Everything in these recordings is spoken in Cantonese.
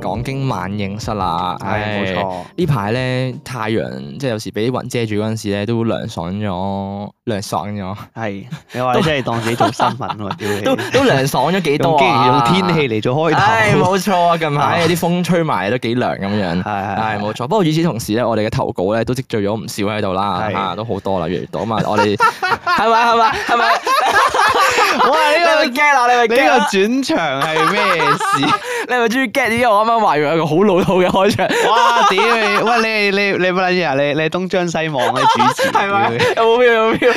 講經萬應室啦，係、哎，呢排咧，太陽即係有時俾啲雲遮住嗰陣時咧，都涼爽咗，涼爽咗，係，你話你真係當自己做新聞喎，都都涼爽咗幾多竟然，、啊、用，用天氣嚟做開頭，冇錯啊，近排啲風吹埋都幾涼咁樣，係係， 冇錯，不過與此同時咧，我哋嘅投稿咧都積聚咗唔少喺度啦，吓是、啊、都好多啦，越嚟越多啊嘛，我哋，係咪係咪係咪，我係呢個驚啦，你、這個轉場係咩事？ 你咪中意 get？因為我啱啱懷疑有個好老土嘅開場。哇！屌，你！喂！你你你乜撚嘢啊？你你，你，你，你東張西望嘅主持，係咪？ 有冇票？有冇票？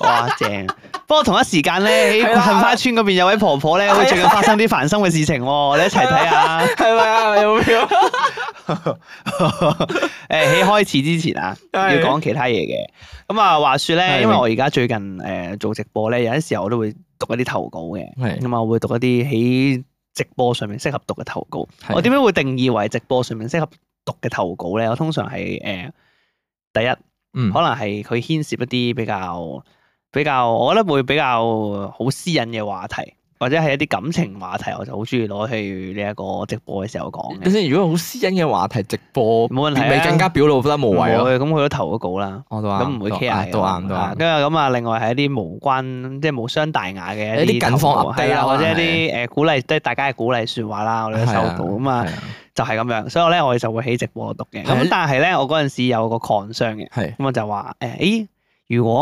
哇！正。 不過同一時間咧，喺杏花村嗰邊有位婆婆咧，啊、會最近發生啲煩心嘅事情喎。啊、你一齊睇下。係咪啊，啊？有冇票？喺、 呃、開始之前啊，要講其他嘢嘅。咁啊，話説咧，因為我而家最近誒、呃、做直播咧，有啲時候我都會讀一啲投稿嘅。咁啊的，會讀一啲喺。直播上面適合讀嘅投稿，我點樣會定義為直播上面適合讀嘅投稿咧？我通常係誒、呃、第一，嗯，可能係佢牽涉一啲比較比較，我覺得會比較好私隱嘅話題。或者係一啲感情話題，我就好中意攞去呢一個直播嘅時候講。咁先，如果好私隱嘅話題直播，冇問題，你更加表露得無遺。咁佢都投咗稿啦。我都話，咁唔會 care。都啱，都啱。因為咁啊，另外係一啲無關，即係無傷大雅嘅一啲近況啊，或者一啲誒鼓勵，即係大家嘅鼓勵説話啦，我哋都收到。咁啊，就係咁樣，所以咧我哋就會起直播讀嘅。咁但係咧，我嗰陣時有個 concern 嘅，咁我就話誒，如果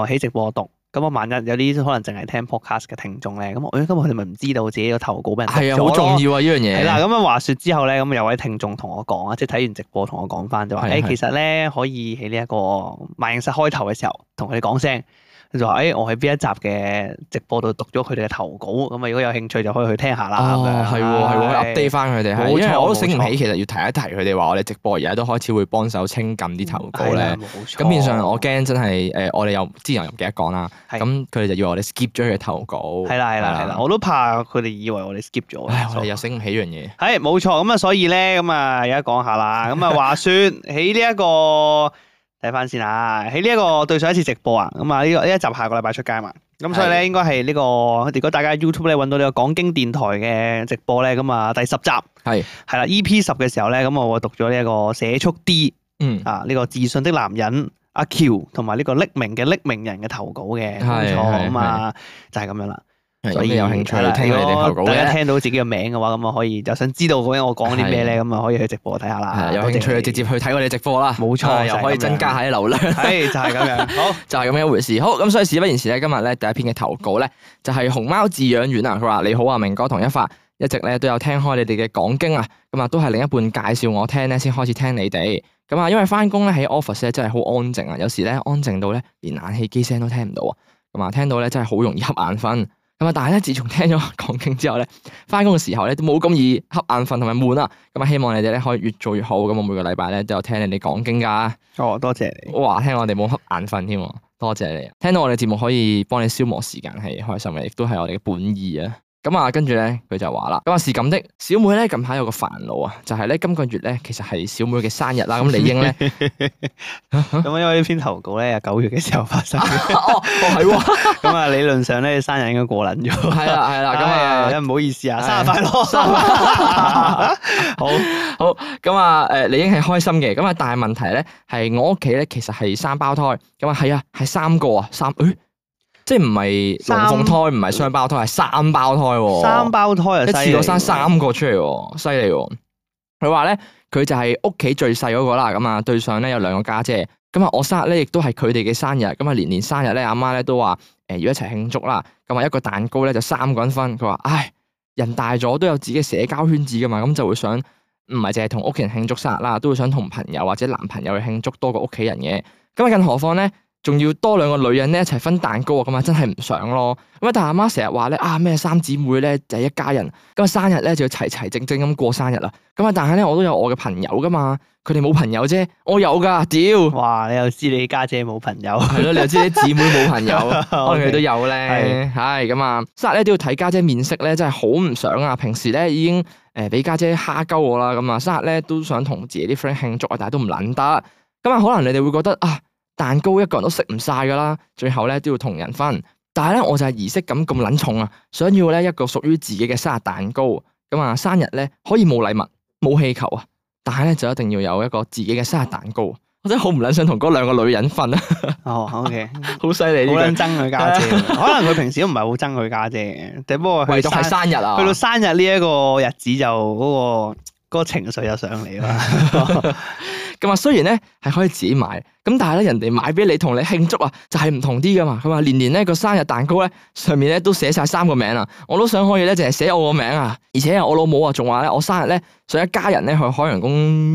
我起直播讀。咁我萬一有啲可能淨係聽 podcast 嘅聽眾咧，咁我，今日佢哋咪唔知道自己個投稿俾人睇？係啊，好重要啊呢樣嘢。係啦，咁啊話説之後咧，咁有位聽眾同我講啊，即係睇完直播同我講翻就話，誒的其實咧可以喺呢一個萬應室開頭嘅時候同佢哋講聲。佢就話誒，我喺邊一集嘅直播度讀咗佢哋嘅投稿，咁啊如果有興趣就可以去聽下啦。係喎係喎，update 翻佢哋，因為我都醒唔起，其實要提一提佢哋話我哋直播而家都開始會幫手清緊啲投稿咧。咁變相我驚真係誒，我哋又之前又唔記得講啦。咁佢哋就以為我哋 skip 咗佢嘅投稿。係啦係啦係啦，我都怕佢哋以為我哋 skip 咗。係，我哋又醒唔起樣嘢。係冇錯咁啊，所以咧咁啊，而家講下啦。咁啊，話說喺呢一個。睇翻先啊！喺呢一個對上一次直播啊，咁啊呢個呢一集下個禮拜出街嘛，咁所以咧應該係呢個如果大家 YouTube 咧搵到呢個講經電台嘅直播咧，咁啊第十集係係啦 E P 十嘅時候咧，咁我讀咗呢一個社畜 D 嗯啊呢個自信的男人阿 Kiu 同埋呢個匿名嘅匿名人嘅投稿嘅冇錯啊就係、是、咁樣啦。所以有興趣聽你哋投稿。如果大家聽到自己嘅名嘅話，咁啊的可以就的想知道嗰日我講啲咩咧，咁啊的的可以去直播睇下啦。有興趣直接去睇我哋直播啦。冇錯錯，的又可以增加下啲流量。係就係、是、咁樣。好 就係咁樣一回事。好咁，所以事不宜遲咧，今日咧第一篇嘅投稿咧就係、是、熊貓飼養員啊。佢話你好啊，明哥同一發，一直咧都有聽開你哋嘅講經啊。咁啊都係另一半介紹我聽咧，先開始聽你哋。咁啊因為翻工咧喺 office 咧真係好安靜啊，有時咧安靜到咧連冷氣機聲都聽唔到啊。咁啊聽到咧真係好容易瞌眼瞓。咁但係呢，自從聽咗講經之後呢，返工嘅時候呢，都冇咁易瞌眼瞓同埋悶啦。咁希望你哋呢可以越做越好。咁我每個禮拜呢都有聽你哋講經㗎。哦，多謝你。哇，聽我哋冇瞌眼瞓添啊！多謝你。聽到我哋節目可以幫你消磨時間係開心嘅，亦都係我哋嘅本意啊！咁啊，跟住咧，佢就話啦，咁啊是咁的，小妹咧近排有個煩惱啊，就係咧今個月咧其實係小妹嘅生日啦。咁理應咧，咁啊因為呢篇投稿咧又九月嘅時候發生，哦，係咁啊，理論上咧生日應該過捻咗，係啦係啦，咁啊唔好意思啊，生日快樂，好好咁啊，誒，理應係開心嘅，咁啊但係問題咧係我屋企咧其實係三胞胎，咁啊係啊係三個啊三誒。即係唔係龍鳳胎，唔係雙胞胎，係三胞胎。三胞胎啊，胎啊一次過生 三個出嚟，犀利。佢話咧，佢就係屋企最細嗰個啦。咁啊，啊呢對上咧有兩個家姐，姐。咁啊，我生日咧亦都係佢哋嘅生日。咁、嗯、啊，年年生日咧，阿媽咧都話誒、呃、要一齊慶祝啦。咁啊，一個蛋糕咧就三個人分。佢話唉，人大咗都有自己社交圈子噶嘛，咁就會想唔係淨係同屋企人慶祝生日啦，都會想同朋友或者男朋友去慶祝多過屋企人嘅。咁啊，更何況咧？仲要多兩個女人咧一齊分蛋糕啊，咁啊真係唔想咯。咁啊，但阿媽成日話咧啊咩三姊妹咧就係一家人，咁啊生日咧就要齊齊整整咁過生日啦。咁啊，但係咧我都有我嘅朋友噶嘛，佢哋冇朋友啫，我有噶。屌，哇！你又知你家姐冇朋友，係咯？ 你又知你姊妹冇朋友， 可能佢都有咧，係咁啊。生日咧都要睇家姐面色咧，真係好唔想啊。平時咧已經誒俾家姐蝦鳩我啦，咁啊生日咧都想同自己啲 friend 慶祝啊，但係都唔捻得。咁啊，可能你哋會覺得啊。啊蛋糕一個人都食唔晒噶啦，最後咧都要同人分。但係咧我就係儀式感咁捻重啊，想要咧一個屬於自己嘅生日蛋糕。咁啊，生日咧可以冇禮物、冇氣球啊，但係咧就一定要有一個自己嘅生日蛋糕。我真係好唔捻想同嗰兩個女人分啊。哦，OK，好犀利，好捻憎佢家姐。 可能佢平時都唔係好憎佢家姐，只不過唯獨係生日啊。去到生日呢一個日子就嗰、嗰個、嗰個情緒又上嚟啦。 咁啊，雖然咧係可以自己買，咁但係咧人哋買俾你同你慶祝啊，就係唔同啲噶嘛。佢話，年年咧個生日蛋糕咧上面咧都寫晒三個名啦，我都想可以咧淨係寫我個名啊。而且我老母啊仲話咧，我生日咧想一家人咧去海洋公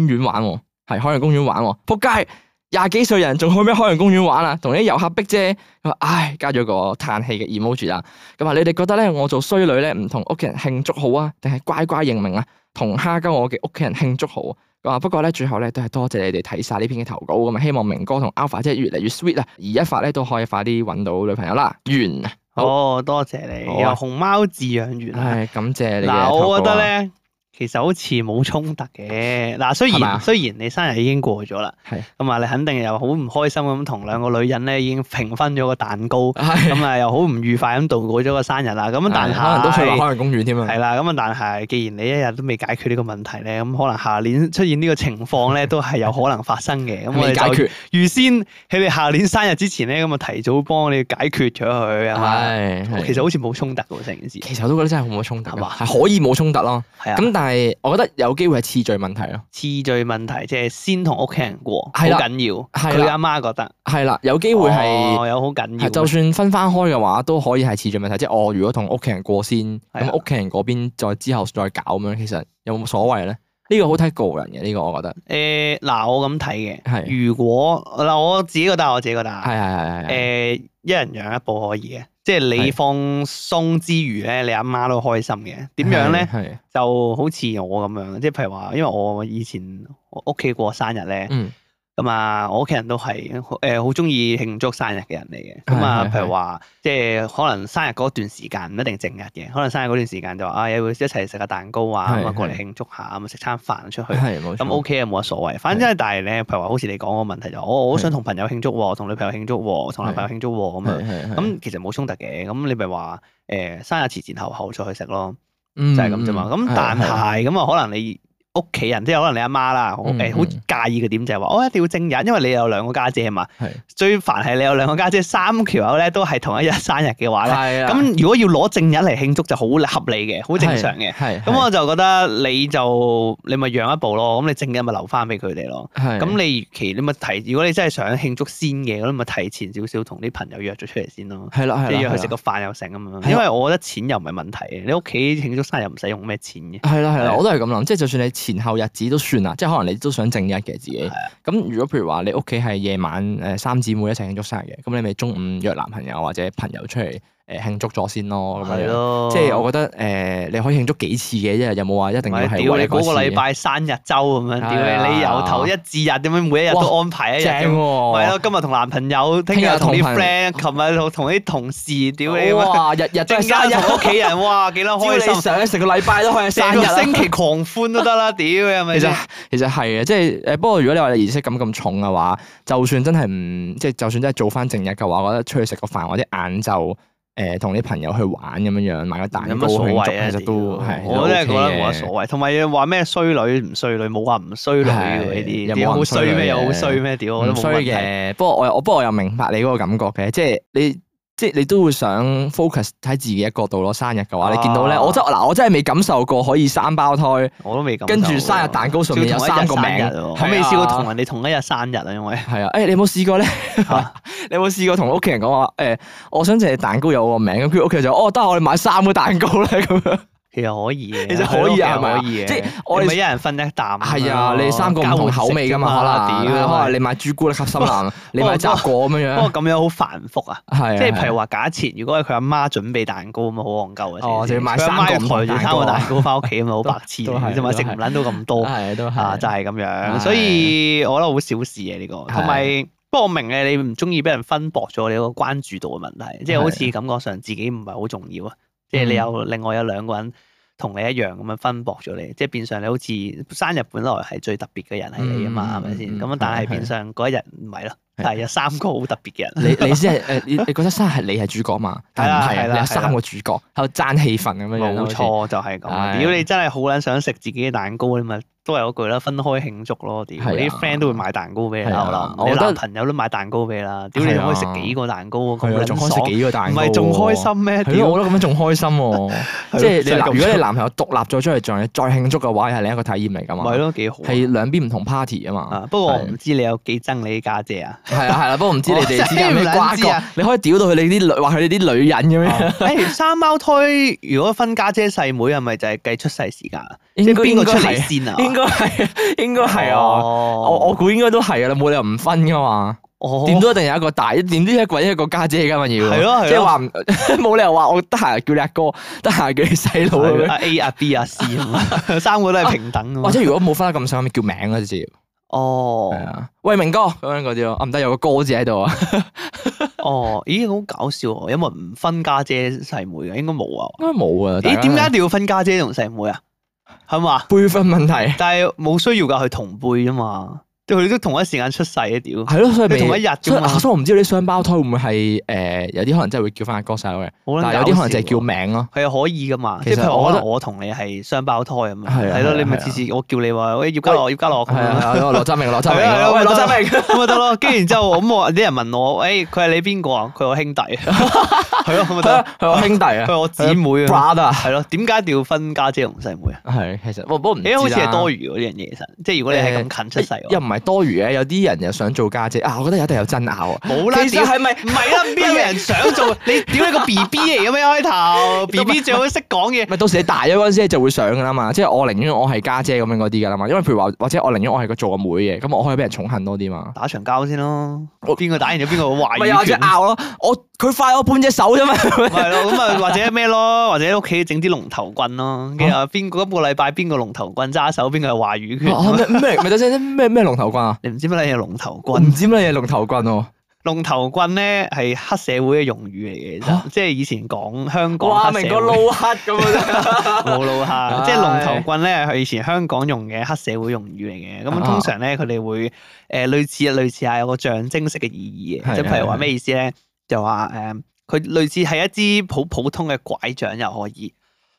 園玩，係海洋公園玩。仆街，廿幾歲人仲去咩海洋公園玩啊？同啲遊客逼啫。咁啊，唉，加咗個嘆氣嘅 emoji 啊。咁啊，你哋覺得咧，我做衰女咧唔同屋企人慶祝好啊，定係乖乖認命啊，同蝦鳩我嘅屋企人慶祝好？我不過咧，最後咧都係多謝你哋睇晒呢篇嘅投稿咁啊！希望明哥同 Alpha 即係越嚟越 sweet 啊，而一發咧都可以快啲揾到女朋友啦！完啊！好哦，多謝你、啊、又熊貓飼養員，係、哎、感謝你我嘅投稿。其實好似冇衝突嘅，嗱雖然雖然你生日已經過咗啦，咁啊，你肯定又好唔開心咁，同兩個女人咧已經平分咗個蛋糕，咁啊又好唔愉快咁度過咗個生日啦。咁但係可能都係海洋公園添啊，係啦，咁啊但係既然你一日都未解決呢個問題咧，咁可能下年出現呢個情況咧都係有可能發生嘅。咁我哋解決，預先喺你下年生日之前咧，咁啊提早幫你解決咗佢啊，係其實好似冇衝突喎成件事，其實我都覺得真係冇乜衝突，係可以冇衝突咯，係啊咁但。係，我覺得有機會係次序問題咯。次序問題即係先同屋企人過，好緊要。佢阿媽覺得係啦，有機會係有好緊要。就算分翻開嘅話，都可以係次序問題。即係我如果同屋企人過先，咁屋企人嗰邊再之後再搞咁樣，其實有冇所謂咧？呢個好睇個人嘅，呢個我覺得。誒，嗱，我咁睇嘅，係是的 如果嗱，我自己覺得，我自己覺得係，係係係，誒，一人養一部可以嘅，即係你放鬆之餘咧，是的 你阿媽都開心嘅。點樣咧？係是的 就好似我咁樣，即係譬如話，因為我以前我屋企過生日咧。嗯咁啊，我屋企人都係誒，好中意慶祝生日嘅人嚟嘅。咁啊，譬如話，即係可能生日嗰段時間唔一定係正日嘅，可能生日嗰段時間就話啊，有要一齊食下蛋糕啊，咁啊一切對過嚟慶祝下，咁啊食餐飯出去。咁一切 OK 啊，冇乜所謂。反正但係咧，譬如話好似你講個問題就，我好想同朋友慶祝，同女朋友慶祝，同男朋友慶祝咁啊。咁一切對其實冇衝突嘅。咁你咪話誒，生日前前後後再去食咯，就係咁啫嘛。咁但係咁啊，可能你。一切屋企人即係可能你阿媽啦，好介意嘅點就係話，我一定要正日，因為你有兩個家姐啊嘛，最煩係你有兩個家姐，三條友咧都係同一日生日嘅話咧，咁如果要攞正日嚟慶祝就好合理嘅，好正常嘅，咁我就覺得你就你咪讓一步咯，咁你正日咪留翻俾佢哋咯，咁你期你咪提，如果你真係想慶祝先嘅，咁咪提前少少同啲朋友約咗出嚟先咯，即係約去食個飯又成咁樣，因為我覺得錢又唔係問題嘅，你屋企慶祝生日唔使用咩錢嘅，係我都係咁諗，即就算你。前後日子都算啦，即係可能你都想正日嘅自己。咁 如果譬如話你屋企係夜晚誒、呃、三姊妹一齊慶祝生日嘅，咁你咪中午約男朋友或者朋友出嚟。誒慶祝咗先咯，係咯，對了 即係我覺得誒、呃、你可以慶祝幾次嘅，即係有冇話一定要係嗰喂個禮拜生日周咁樣？屌你、哎呀，你由頭一至日咁樣，每一日都安排一日。正喎，係、哦、咯，今日同男朋友，聽日同啲 friend，琴日同啲同事，屌你！哇，日日都係，日日屋企人，哇，幾多開心 你成個禮拜都可以生日啦，成個星期狂歡都得啦，屌係咪？其實其實係嘅，即係誒。不過如果你話你儀式感咁重嘅話，就算真係唔即係，就算真係做翻正日嘅話，我覺得出去食個飯或者晏晝。誒，同啲朋友去玩咁樣樣，買個蛋糕慶祝，其實都係，我真係覺得冇乜所謂。同埋話咩衰女唔衰女，冇話唔衰女呢啲，又冇好衰咩？又好衰咩？屌，我都冇問題。不過我我不過我又明白你嗰個感覺嘅，即係你。即係你都會想 focus 喺自己嘅角度咯。生日嘅話，你見到咧、啊，我真嗱，我真係未感受過可以三胞胎。我都未感。跟住生日蛋糕上面有三個名，可唔可以試過同人哋同一日生日啊？因為係是啊，啊。誒、欸，你有冇試過咧？ 你有冇試過同屋企人講話？誒、欸，我想淨係蛋糕有個名咁，佢屋企就哦，得我哋買三個蛋糕咧咁樣。其實可以嘅，其實可以啊，可以嘅，即係我哋一人分一啖。係啊，你三個唔同口味噶嘛，可能你買朱古力吸心糖，你買雜果咁樣。不過咁樣好繁複啊，即係譬如話假設如果係佢阿媽準備蛋糕咁好戇鳩嘅。佢阿媽要抬住三個蛋糕翻屋企咁好白痴嘅啫嘛，食唔撚到咁多啊，就係咁樣。所以我覺得好小事嘅呢個，同埋不過我明你唔中意俾人分薄咗你個關注度嘅問題，即係好似感覺上自己唔係好重要啊。即係你有另外有兩個人同你一樣咁樣分薄咗你，即係變相你好似生日本來係最特別嘅人係你啊嘛，係咪先？咁啊，但係變相嗰一日唔係咯，係有三個好特別嘅人，你你先係誒， 你覺得生日係你係主角嘛？但係唔係，嗯嗯嗯、有三個主角喺度爭戲份咁樣，就是、樣，冇錯就係咁。如果你真係好撚想食自己嘅蛋糕，你咪～都係嗰句啦，分開慶祝咯。你哋啲 friend 都會買蛋糕俾你啦，我男朋友都買蛋糕俾你啦。屌，你仲可以食幾個蛋糕？我仲開食幾個蛋糕？唔係仲開心咩？屌！我覺得咁樣仲開心，即係如果你男朋友獨立咗出嚟，仲再慶祝嘅話，又係另一個體驗嚟㗎嘛？係咯，幾好。係兩邊唔同 party 啊嘛。不過我唔知你有幾憎你啲家姐啊？係啊係啦，不過唔知你哋之間咩瓜葛？你可以屌到佢哋啲女話佢哋啲女人咁樣。誒，三胞胎如果分家姐細妹，係咪就係計出世時間？即係邊個出嚟先啊？應該係，應該係啊！我我估應該都係啊！你冇理由唔分噶嘛？點都一定有一個大，點都要滾一個家姐噶嘛要。係咯係咯，即係話冇理由話我得閒叫你阿哥，得閒叫你細佬 A 啊 B 啊 C，三個都係平等。或者如果冇分得咁細，咪叫名咯直接。哦，喂明哥咁樣嗰啲咯，唔得有個哥字喺度啊。哦，咦好搞笑，有冇唔分家姐細妹啊？應該冇啊，應該冇啊。咦，點解一定要分家姐同細妹啊？係嘛，輩分問題， 但係冇需要噶，佢同輩啊嘛。即佢哋都同一時間出世一屌，係咯，所以咪同一日，所以所以我唔知道啲雙胞胎會唔會係誒，有啲可能真係會叫翻阿哥細佬嘅，但有啲可能就係叫名咯，佢啊，可以噶嘛？其實我我同你係雙胞胎咁啊，係咯，你咪次次我叫你話喂葉嘉樂葉嘉樂，係啊，羅澤明羅澤明，係咯，羅明咁咪得咯。跟住然之後咁我啲人問我，喂佢係你邊個啊？佢我兄弟，係咯咁咪得，係我兄弟啊，佢我姊妹啊，brother 啊，係咯，點解要分家姐同細妹啊？係其實，不不唔，誒好似係多餘嗰啲樣嘢，其實即係如果你係咁近出世，又唔係。唔多餘嘅，有啲人又想做家姐啊！我覺得有一定有爭拗啊！冇啦，點係咪？唔係啊，邊有人想做？你屌你個 B B 嚟嘅咩？開頭，B B 最好識講嘢。唔係到時你大咗嗰陣時就會想噶啦嘛，即係我寧願我係家姐咁樣嗰啲噶啦嘛。因為譬如話，或者我寧願我係個做阿妹嘅，咁我可以俾人寵幸多啲嘛。打場交先咯，邊個打完咗邊個話語權咪有拗咯？我佢快我半隻手啫嘛。係咯，咁啊或者咩咯？或者屋企整啲龍頭棍咯，然後邊個一個禮拜邊個龍頭棍揸手，邊個係話語權。頭棍，頭棍啊？你唔知乜嘢嘢龍頭棍？唔知乜嘢嘢龍頭棍哦？龍頭棍咧，係黑社會嘅用語嚟嘅，啊、即係以前講香港話明個撈黑咁啊，冇撈黑， 黑。哎、即係龍頭棍咧，係以前香港用嘅黑社會用語嚟嘅。咁、啊、通常咧，佢哋會誒類似，類似啊有個象徵式嘅意義。咁譬、啊、如話咩意思咧？就話誒，佢、嗯、類似係一支好普通嘅拐杖又可以。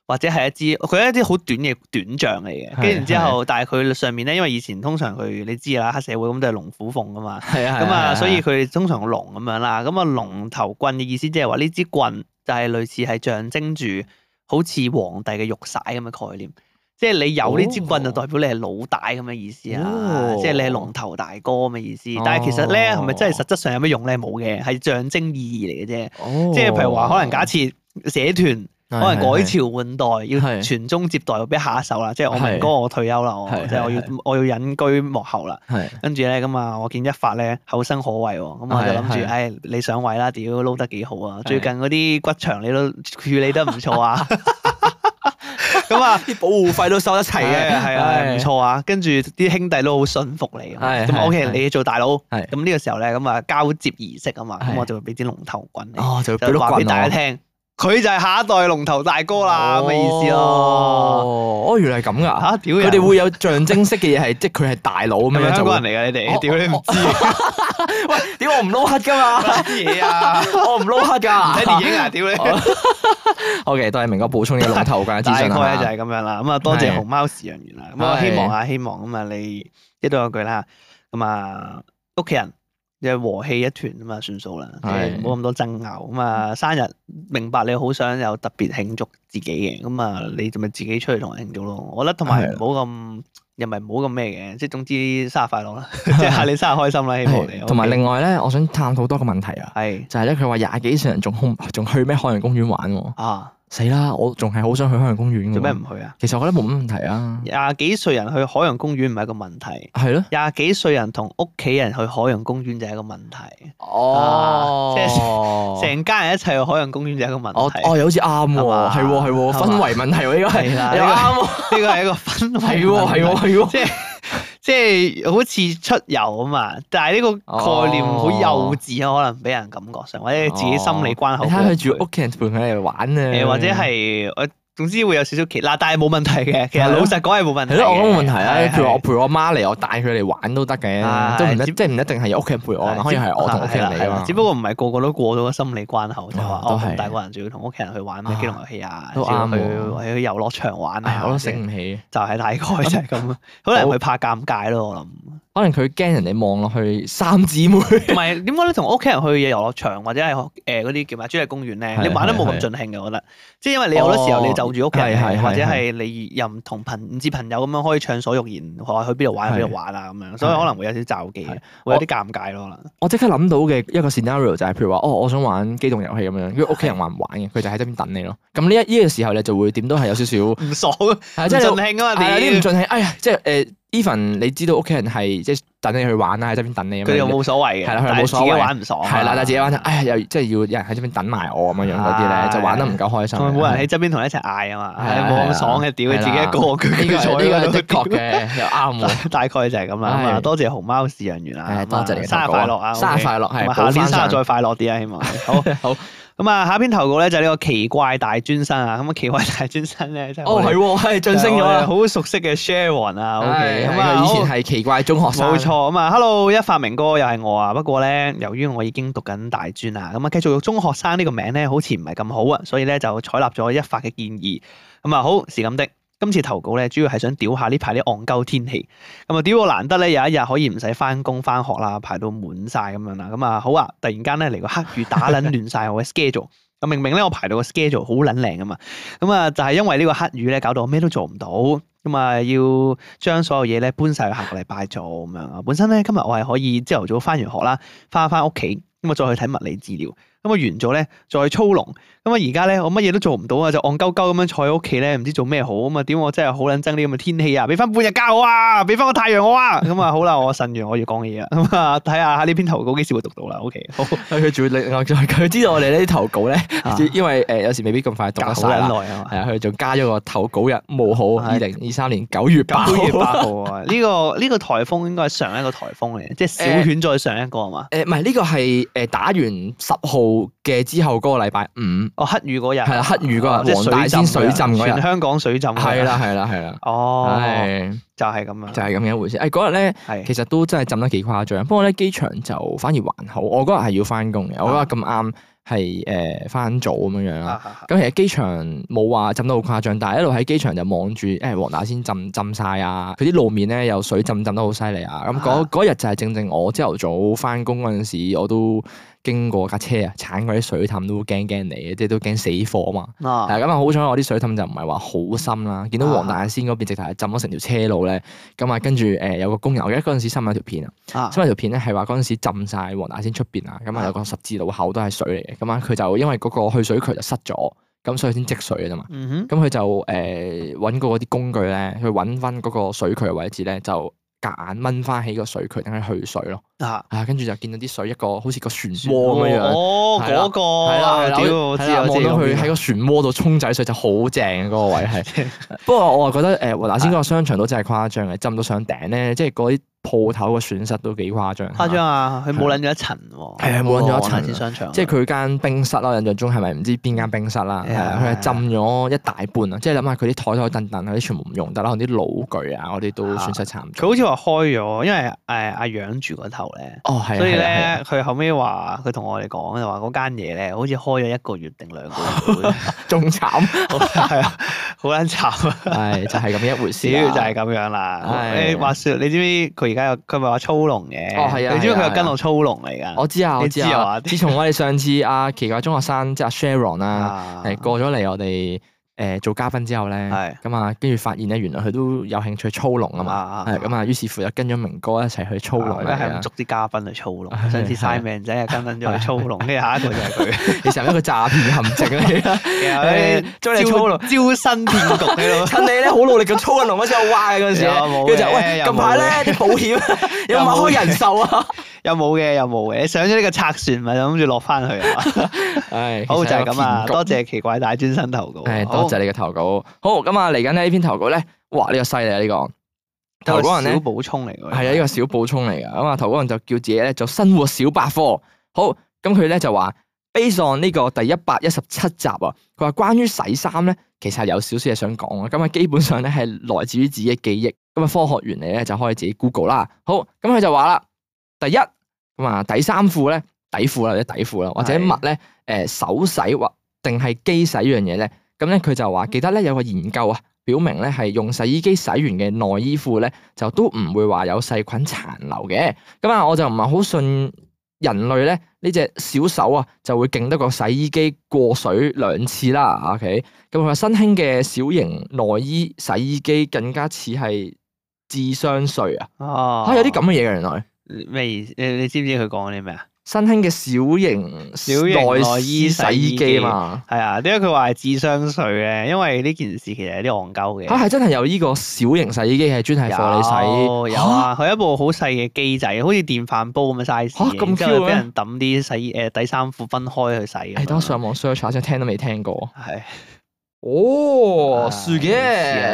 或者係一支，佢係一啲好短嘅短杖嚟嘅，跟住之後，但係佢上面咧，因為以前通常佢你知啦，黑社會咁都係龍虎鳳噶嘛，咁啊，所以佢通常個龍咁樣啦，咁啊龍頭棍嘅意思即係話呢支棍就係類似係象徵住好似皇帝嘅玉璽咁嘅概念，即係你有呢支棍就代表你係老大咁嘅意思啊，即係你係龍頭大哥咁嘅意思，但係其實咧係咪真係實質上有咩用咧？冇嘅，係象徵意義嚟嘅啫，即係譬如話可能假設社團。可能改朝換代要傳宗接代，又俾下一手啦。即係我明哥，我退休啦，即係我要我要隱居幕後啦。跟住咧，咁啊，我見一發咧，後生可畏，咁我就諗住，唉，你上位啦，屌撈得幾好啊！最近嗰啲骨場你都處理得唔錯啊！咁啊，啲保護費都收得齊嘅，係啊，唔錯啊。跟住啲兄弟都好信服你，咁我屋企人你做大佬，咁呢個時候咧，咁啊交接儀式啊嘛，咁我就會俾啲龍頭棍你，話俾大家聽。佢就係下一代龍頭大哥啦，咁嘅意思咯。哦，原來係咁噶。吓，屌，佢哋會有象徵式嘅嘢，係即係佢係大佬咁樣就。香港人嚟噶，你哋，屌你唔知。喂，屌我唔撈黑噶嘛？啲嘢啊，我唔撈黑噶。睇電影啊，屌你。OK，都係明哥補充嘅龍頭嘅資訊啦。就係咁樣啦。咁啊，多謝熊貓飼養員啦。咁啊，希望啊，希望咁啊，你即係有句啦。咁啊屋企人。即係和氣一團啊嘛，算數啦，即係唔好咁多爭拗。咁啊，生日明白你好想有特別慶祝自己嘅，咁啊、嗯、你就咪自己出去同人慶祝咯。我覺得同埋唔好咁，又咪唔好咁咩嘅，即係總之生日快樂啦，即係 你生日開心啦，希望你。同埋的 OK? 另外咧，我想探討多個問題啊，的就係咧佢話廿幾歲人仲空，仲去咩海洋公園玩喎？啊！死啦！我仲係好想去海洋公園。做咩唔去啊？其實我覺得冇乜問題啊。廿幾歲人去海洋公園唔係一個問題。係咯。廿幾歲人同屋企人去海洋公園就係一個問題。哦，即係成家人一齊去海洋公園就係一個問題。哦，又好似啱喎。係喎，係喎，氛圍問題喎，呢個係。又啱喎，呢個係一個氛圍。係喎，係喎，係喎，即係。.即係好似出遊咁啊，但係呢個概念好幼稚啊，oh. 可能俾人感覺上或者自己心理關口。Oh. 你睇下佢住屋企人陪佢嚟玩啊，呃、或者係。我。總之會有少少奇嗱，但係冇問題嘅。其實老實講係冇問題嘅。係咯，我冇問題啊。譬如我陪我媽嚟，我帶佢嚟玩都得嘅，都唔一即係唔一定係有屋企人陪我，可以係我同屋企人嚟。只不過唔係個個都過到個心理關口，就話我大個人仲要同屋企人去玩咩？機動遊戲啊，只要去去遊樂場玩啊。我都醒唔起，就係大概就係咁。可能佢怕尷尬咯，我諗。可能佢驚人哋望落去三姊妹，同埋點解咧？同屋企人去嘅遊樂場或者係誒嗰啲叫咩？主題公園咧，是的 你玩得冇咁盡興嘅，我覺得，即係、哦、因為你好多時候你就住屋企，哦、或者係你又唔同朋唔知朋友咁樣可以暢所欲言，去邊度玩邊度是的 玩啊咁樣，所以可能會有少少造忌，有啲尷尬咯。我可能我即刻諗到嘅一個 scenario 就係、是，譬如話哦，我想玩機動遊戲咁樣，如果屋企人話唔玩嘅，佢就喺側邊等你咯。咁呢一呢個時候咧，就會都有點都係有少少唔爽即係唔盡興啊嘛，點呢唔盡興？哎呀，即係誒。呃 even 你知道屋企人係即係等你去玩啦，喺側邊等你咁，佢哋又冇所謂嘅，但係自己玩唔爽，係啦，但自己玩，哎呀，又即係要有人喺側邊等埋我咁樣嗰啲咧，就玩得唔夠開心，冇人喺側邊同你一齊嗌啊嘛，係冇咁爽嘅，屌你自己一個，佢佢坐喺度，呢個的確嘅又啱，大概就係咁啦。多謝熊貓飼養員啊，多謝你，生日快樂啊，生日快樂，係下年生日再快樂啲啊，希望好，好。咁啊，下篇投稿咧就呢個奇怪大專生啊，咁啊奇怪大專生咧真係哦係，係晉、哦、升咗，好熟悉嘅 Shareon 啊，OK，咁啊以前係奇怪中學生，冇錯啊 Hello 一發明哥又係我啊，不過咧由於我已經讀緊大專啊，咁啊繼續用中學生呢個名咧，好似唔係咁好啊，所以咧就採納咗一發嘅建議，咁啊好是咁的。今次投稿咧，主要係想屌下呢排啲戇鳩天氣。咁啊，屌我難得咧有一日可以唔使翻工翻學啦，排到滿晒咁樣啦。咁啊，好啊，突然間咧嚟個黑雨打撚亂晒我嘅 schedule。 明明咧我排到個 schedule 好撚靚噶嘛。咁啊，就係因為呢個黑雨咧，搞到我咩都做唔到。咁啊，要將所有嘢咧搬晒去下個禮拜做咁樣。本身咧今日我係可以朝頭早翻完學啦，翻翻屋企，咁啊再去睇物理治療。咁啊完咗咧，再操弄。咁啊而家咧，我乜嘢都做唔到啊，就戇鳩鳩咁樣坐喺屋企咧，唔知做咩好啊嘛。點我真係好撚憎啲咁嘅天氣啊！俾翻半日假我啊，俾翻個太陽我啊。咁啊、 嗯、好啦，我呻完我要講嘢啊。咁啊睇下喺呢篇投稿幾時會讀到啦。O K，佢仲要佢知道我哋呢啲投稿咧，啊、因為誒有時未必咁快讀得曬啦。係啊，佢仲加咗個投稿日冒號，二零二三年九月八號。九月八號啊，呢、 呢個呢、呢個颱風應該係上一個颱風嚟嘅，即係 小犬再上一個係嘛？誒唔係呢個係誒打完十號。嘅之後嗰個禮拜五，哦，黑雨嗰日係啊，黑雨嗰日，黃大仙水浸嗰日，香港水浸係啦，係啦，係啦，哦，就係咁樣，就係咁樣一回事。誒，嗰日咧，其實都真係浸得幾誇張。不過咧，機場就反而還好。我嗰日係要翻工嘅，我嗰日咁啱係誒翻早咁樣樣啦。咁其實機場冇話浸得好誇張，但係一路喺機場就望住，誒，黃大仙浸浸晒啊，佢啲路面咧又水浸浸得好犀利啊。咁嗰日就係正正我朝頭早翻工嗰陣時，我都。經過架車啊，鏟嗰啲水氹都驚驚嚟嘅，即係都驚死火啊嘛！啊但係咁啊，好彩我啲水氹就唔係話好深啦。見到黃大仙嗰邊直頭係浸咗成條車路咧，咁啊跟住誒、呃、有個工人，我記得嗰陣時新聞有條片啊，新聞條片咧係話嗰陣時浸晒黃大仙出邊啊，咁啊有個十字路口都係水嚟嘅，咁啊佢就因為嗰個去水渠就塞咗，咁所以先積水嘅咋嘛。咁佢、嗯、哼 就誒揾、呃、過嗰啲工具咧，去揾翻嗰個水渠嘅位置咧就。隔硬掹翻起個水渠，等佢去水咯。啊，啊，跟住就見到啲水一個好似個船渦咁樣哦，嗰個係啦，係啦，我知我知，望到佢喺個船渦度沖仔水就好正嗰個位係。不過我就覺得誒，嗱，先嗰個商場都真係誇張嘅，浸到上頂咧，即係嗰啲。鋪頭嘅損失都幾誇張，誇張啊！佢冇捻咗一層，係啊，冇捻咗一層先商場。即係佢間冰室咯，印象中係咪唔知邊間冰室啦？係啊，佢係浸咗一大半啊！即係諗下佢啲台台凳凳嗰啲全部唔用得啦，啲老具啊，我哋都損失慘重。佢好似話開咗，因為誒阿楊住個頭咧，所以咧佢後尾話佢同我哋講又話嗰間嘢咧，好似開咗一個月定兩個月，仲慘係啊，好鬼慘啊！係就係咁一回事，就係咁樣啦。你話說，你知唔知佢？而家又佢咪話操弄嘅，哦啊、你知唔、啊啊啊、知佢又跟落操弄嚟噶？我知啊， 我知啊。自從我哋上次啊，奇怪中學生即係阿 Sheron 啊，係過咗嚟我哋。誒，做嘉賓之後咧，咁啊，跟住發現咧，原來佢都有興趣操龍啊嘛，咁啊，於是乎又跟咗明哥一齊去操龍，係啊，係足啲嘉賓去操龍，上次曬命仔啊，跟翻咗去操龍，跟住下一個就係佢，其實一個詐騙陷阱咯，然後咧招招新騙局，趁你咧好努力咁操緊龍，開始好壞嗰陣時，跟喂，近排咧啲保險有冇開人壽啊？有冇嘅，有冇嘅，上咗呢個賊船咪諗住落翻去啊？唉，好就係咁啊，多謝奇怪大專生投稿。就係你嘅投稿，好咁啊！嚟緊咧呢篇投稿咧，哇！呢、這個犀利啊，呢、這個投稿人咧，小補充嚟嘅，係啊，呢、這個小補充嚟嘅。咁啊，投稿人就叫自己咧做生活小百科。好，咁佢咧就話 Based on 呢個第一百一十七集啊。佢話關於洗衫咧，其實有少少嘢想講啊。咁啊，基本上咧係來自於自己嘅記憶。咁啊，科學原理咧就可以自己 Google 啦。好，咁佢就話啦，第一，咁啊，底衫褲咧、底褲啦或者底褲啦的或者襪咧，誒，手洗或定係機洗呢樣嘢咧？咁咧佢就話記得咧有個研究啊，表明咧係用洗衣機洗完嘅內衣褲咧，就都唔會話有細菌殘留嘅。咁啊，我就唔係好信人類咧呢隻小手啊，就會勁得過洗衣機過水兩次啦。Ok，咁佢話新興嘅小型內衣洗衣機更加似係智商稅啊，哦！吓，有啲咁嘅嘢嘅，原來咩意思？你你知唔知佢講啲咩？新興嘅小型小型內衣洗衣機嘛，係啊，點解佢話係智商稅咧？因為呢件事其實有啲戇鳩嘅。吓，係真係有呢個小型洗衣機係專係放你洗，有啊，佢一部好細嘅機仔，好似電飯煲咁嘅 size，跟住俾人抌啲洗衣誒底衫褲分開去洗。你當上網 search 下，真係聽都未聽過。係哦，樹嘅，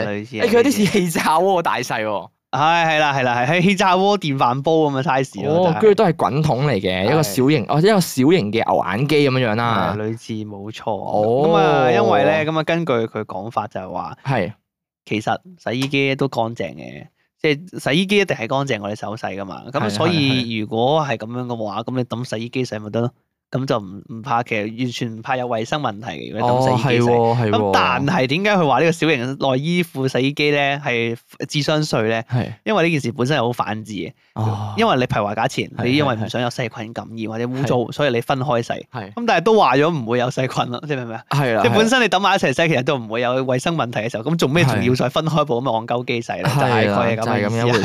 類似。佢啲似氣炸鍋大細喎。係係啦係啦係，係氣 炸鍋、電飯煲咁嘅 size，哦，跟住都係滾筒嚟嘅，一個小型哦一個小型嘅牛眼機咁樣樣啦，類似冇錯。咁啊、哦，因為咧，咁啊，根據佢講法就係話，係是其實洗衣機都乾淨嘅，即係洗衣機一定係乾淨我哋手洗噶嘛。咁所以如果係咁樣嘅話，咁你抌洗衣機洗咪得咯。咁就唔唔怕，其實完全唔怕有衛生問題嘅。如果你抌洗衣機。哦，係，係。咁但係點解佢話呢個小型內衣褲洗衣機咧係智商稅咧？係。因為呢件事本身係好反智嘅。因為你譬如話假設，你因為唔想有細菌感染或者污糟，所以你分開洗。係。咁但係都話咗唔會有細菌咯，知唔知咩啊？係啦。即係本身你抌埋一齊洗，其實都唔會有衛生問題嘅時候，咁做咩仲要再分開部咁嘅戇鳩機洗咧？係啦。就係咁樣一回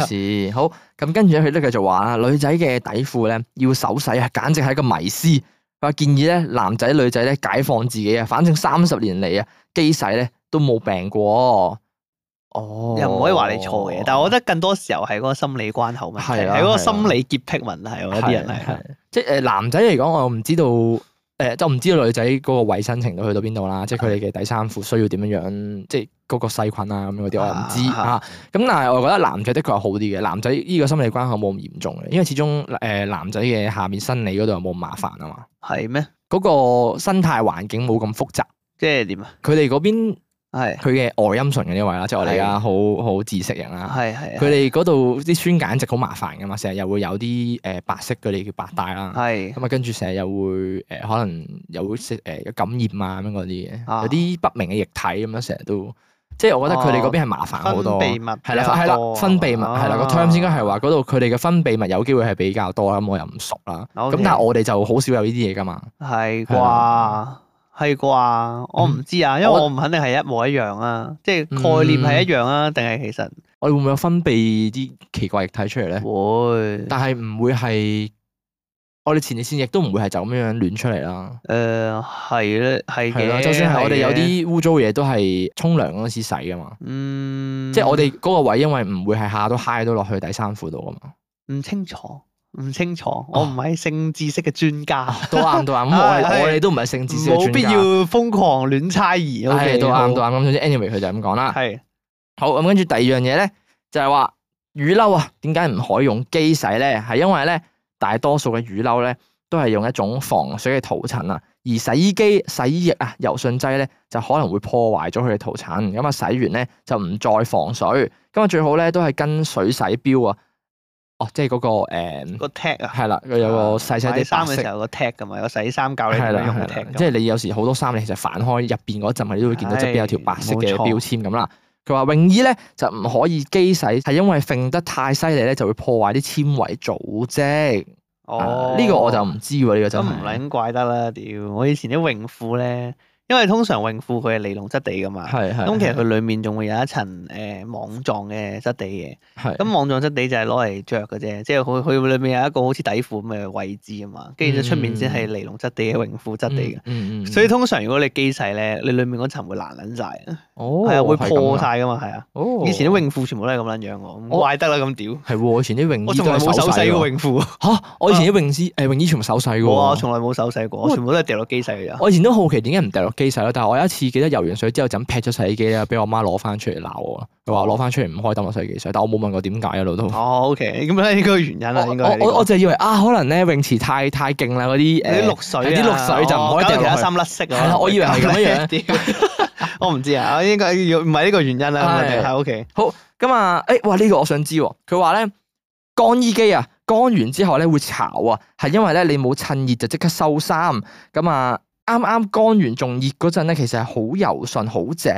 事。好，咁跟住咧，佢都繼續話啦，女仔嘅底褲咧要手洗啊，簡直係一個迷思。佢話建議咧，男仔女仔咧，解放自己啊！反正三十年嚟啊，機洗咧都冇病過。哦、oh，又唔可以話你錯嘅，但係我覺得更多時候係嗰個心理關口問題，係嗰、啊啊、個心理潔癖問題，有啲人係。啊啊啊啊啊、即係男仔嚟講，我又唔知道。誒、呃，就唔知道女仔嗰個衛生程度去到邊度啦，即係佢哋嘅底衫褲需要點樣樣，即係嗰個細菌啊咁樣嗰啲，我唔知啊。咁但係我覺得男仔的確係好啲嘅，男仔呢個心理關係冇咁嚴重嘅，因為始終誒、呃、男仔嘅下面生理嗰度冇咁麻煩啊嘛。係咩嗎？嗰個生態環境冇咁複雜，即係點啊？佢哋嗰邊。係佢嘅外陰唇嘅呢位啦，即係我哋而家好好知識人啦。係係的。佢哋嗰度啲酸鹼值好麻煩嘅嘛，成日的又會有啲誒白色嗰啲白帶啦。係。咁啊，跟住成日又會誒，可能有誒有感染等等啊咁樣嗰啲嘢，有啲不明嘅液體咁樣，成日都即係我覺得佢哋嗰邊係麻煩好多。分泌物係啦，係啦，分泌物係啦，個 term 應該係話嗰度佢哋嘅分泌物、啊、有機會係比較多啦。咁我又唔熟啦。咁、啊、但係我哋就好少有呢啲嘢噶嘛。係啩的？的係啩，嗯、我唔知啊，因為我唔肯定係一模一樣啊，我即係概念係一樣啊，定係、嗯、其實我哋會唔會有分泌啲奇怪液體出嚟咧？會，但係唔會係我哋前列腺液都唔會係就咁樣樣亂出嚟啦、啊。誒、呃，係咧，係嘅，就算係我哋有啲污糟嘢，都係沖涼嗰時洗噶嘛。嗯，即係我哋嗰個位，因為唔會係下都嗨都落去底衫褲度噶嘛，唔清楚。唔清楚，我唔係性知識嘅專家。都啱都啱，咁我、啊、我哋都唔係性知識。冇必要瘋狂亂猜疑。好、okay，嘅，都啱都啱。咁總之，anyway 佢就咁講啦。係。好，咁跟住第二樣嘢咧，就係話雨褸啊，點解唔可以用機洗咧？係因為咧，大多數嘅雨褸咧都係用一種防水嘅塗層啊。而洗衣機洗衣液啊、柔順劑咧，就可能會破壞咗佢嘅塗層。咁啊，洗完咧就唔再防水。咁啊，最好咧都係跟水洗標啊。哦，即係嗰、那個誒個 tag 啊，係、嗯、啦，佢 T 有個細細啲白色。洗衫嘅時候個 tag 噶嘛，個洗衫教你用 tag 即係，你有時好多衫你其實反開入邊嗰陣，你都會見到側邊有條白色嘅標籤咁啦。佢話、哎、泳衣咧就唔可以機洗，係因為揈得太犀利咧就會破壞啲纖維組織。哦、呢、啊這個我就唔知喎，呢、這個就，係。都唔怪得啦，屌！我以前啲泳褲咧。因為通常泳褲佢係尼龍質地噶嘛，咁是其實佢裏面仲會有一層誒網、呃、狀嘅質地嘅，咁網是是 狀質地就係攞嚟着嘅啫，即係佢佢裏面有一個好似底褲咁嘅位置啊嘛，跟住出面先係尼龍質地嘅泳褲質地嘅，嗯嗯嗯、所以通常如果你機洗咧，你裏面嗰層會爛撚晒，係、哦、啊會破晒噶嘛，係啊，以前啲泳褲全部都係咁撚樣，唔怪得啦咁屌，係，我以前啲泳褲、 啊哦，我從來冇手洗過泳褲，吓，我以前啲泳衣誒泳衣全部手洗噶，我從來冇手洗過，我全部都係掉落機洗嘅，我以前都好奇點解唔掉落。機洗咯，但係我有一次記得游完水之後就咁撇咗洗衣機啦，俾我媽攞翻出嚟鬧我，佢話攞翻出嚟唔可以抌落洗衣機洗，但我冇問過點解咯都。哦，OK，咁啊呢個原因啊， 我我我就以為啊，可能咧泳池太太勁啦嗰啲，誒，啲、啊、的綠水啊，啲綠水就唔可以抌落洗衣機洗。我以為係咁樣。我唔知啊，我應該唔係呢個原因啦。我哋喺好咁啊，誒、欸，哇，呢、這個我想知，佢話咧，乾衣機啊，乾完之後咧會潮啊，係因為咧你冇趁熱就即刻收衫咁啊。啱啱乾完仲熱嗰陣咧，其實係好柔順好直。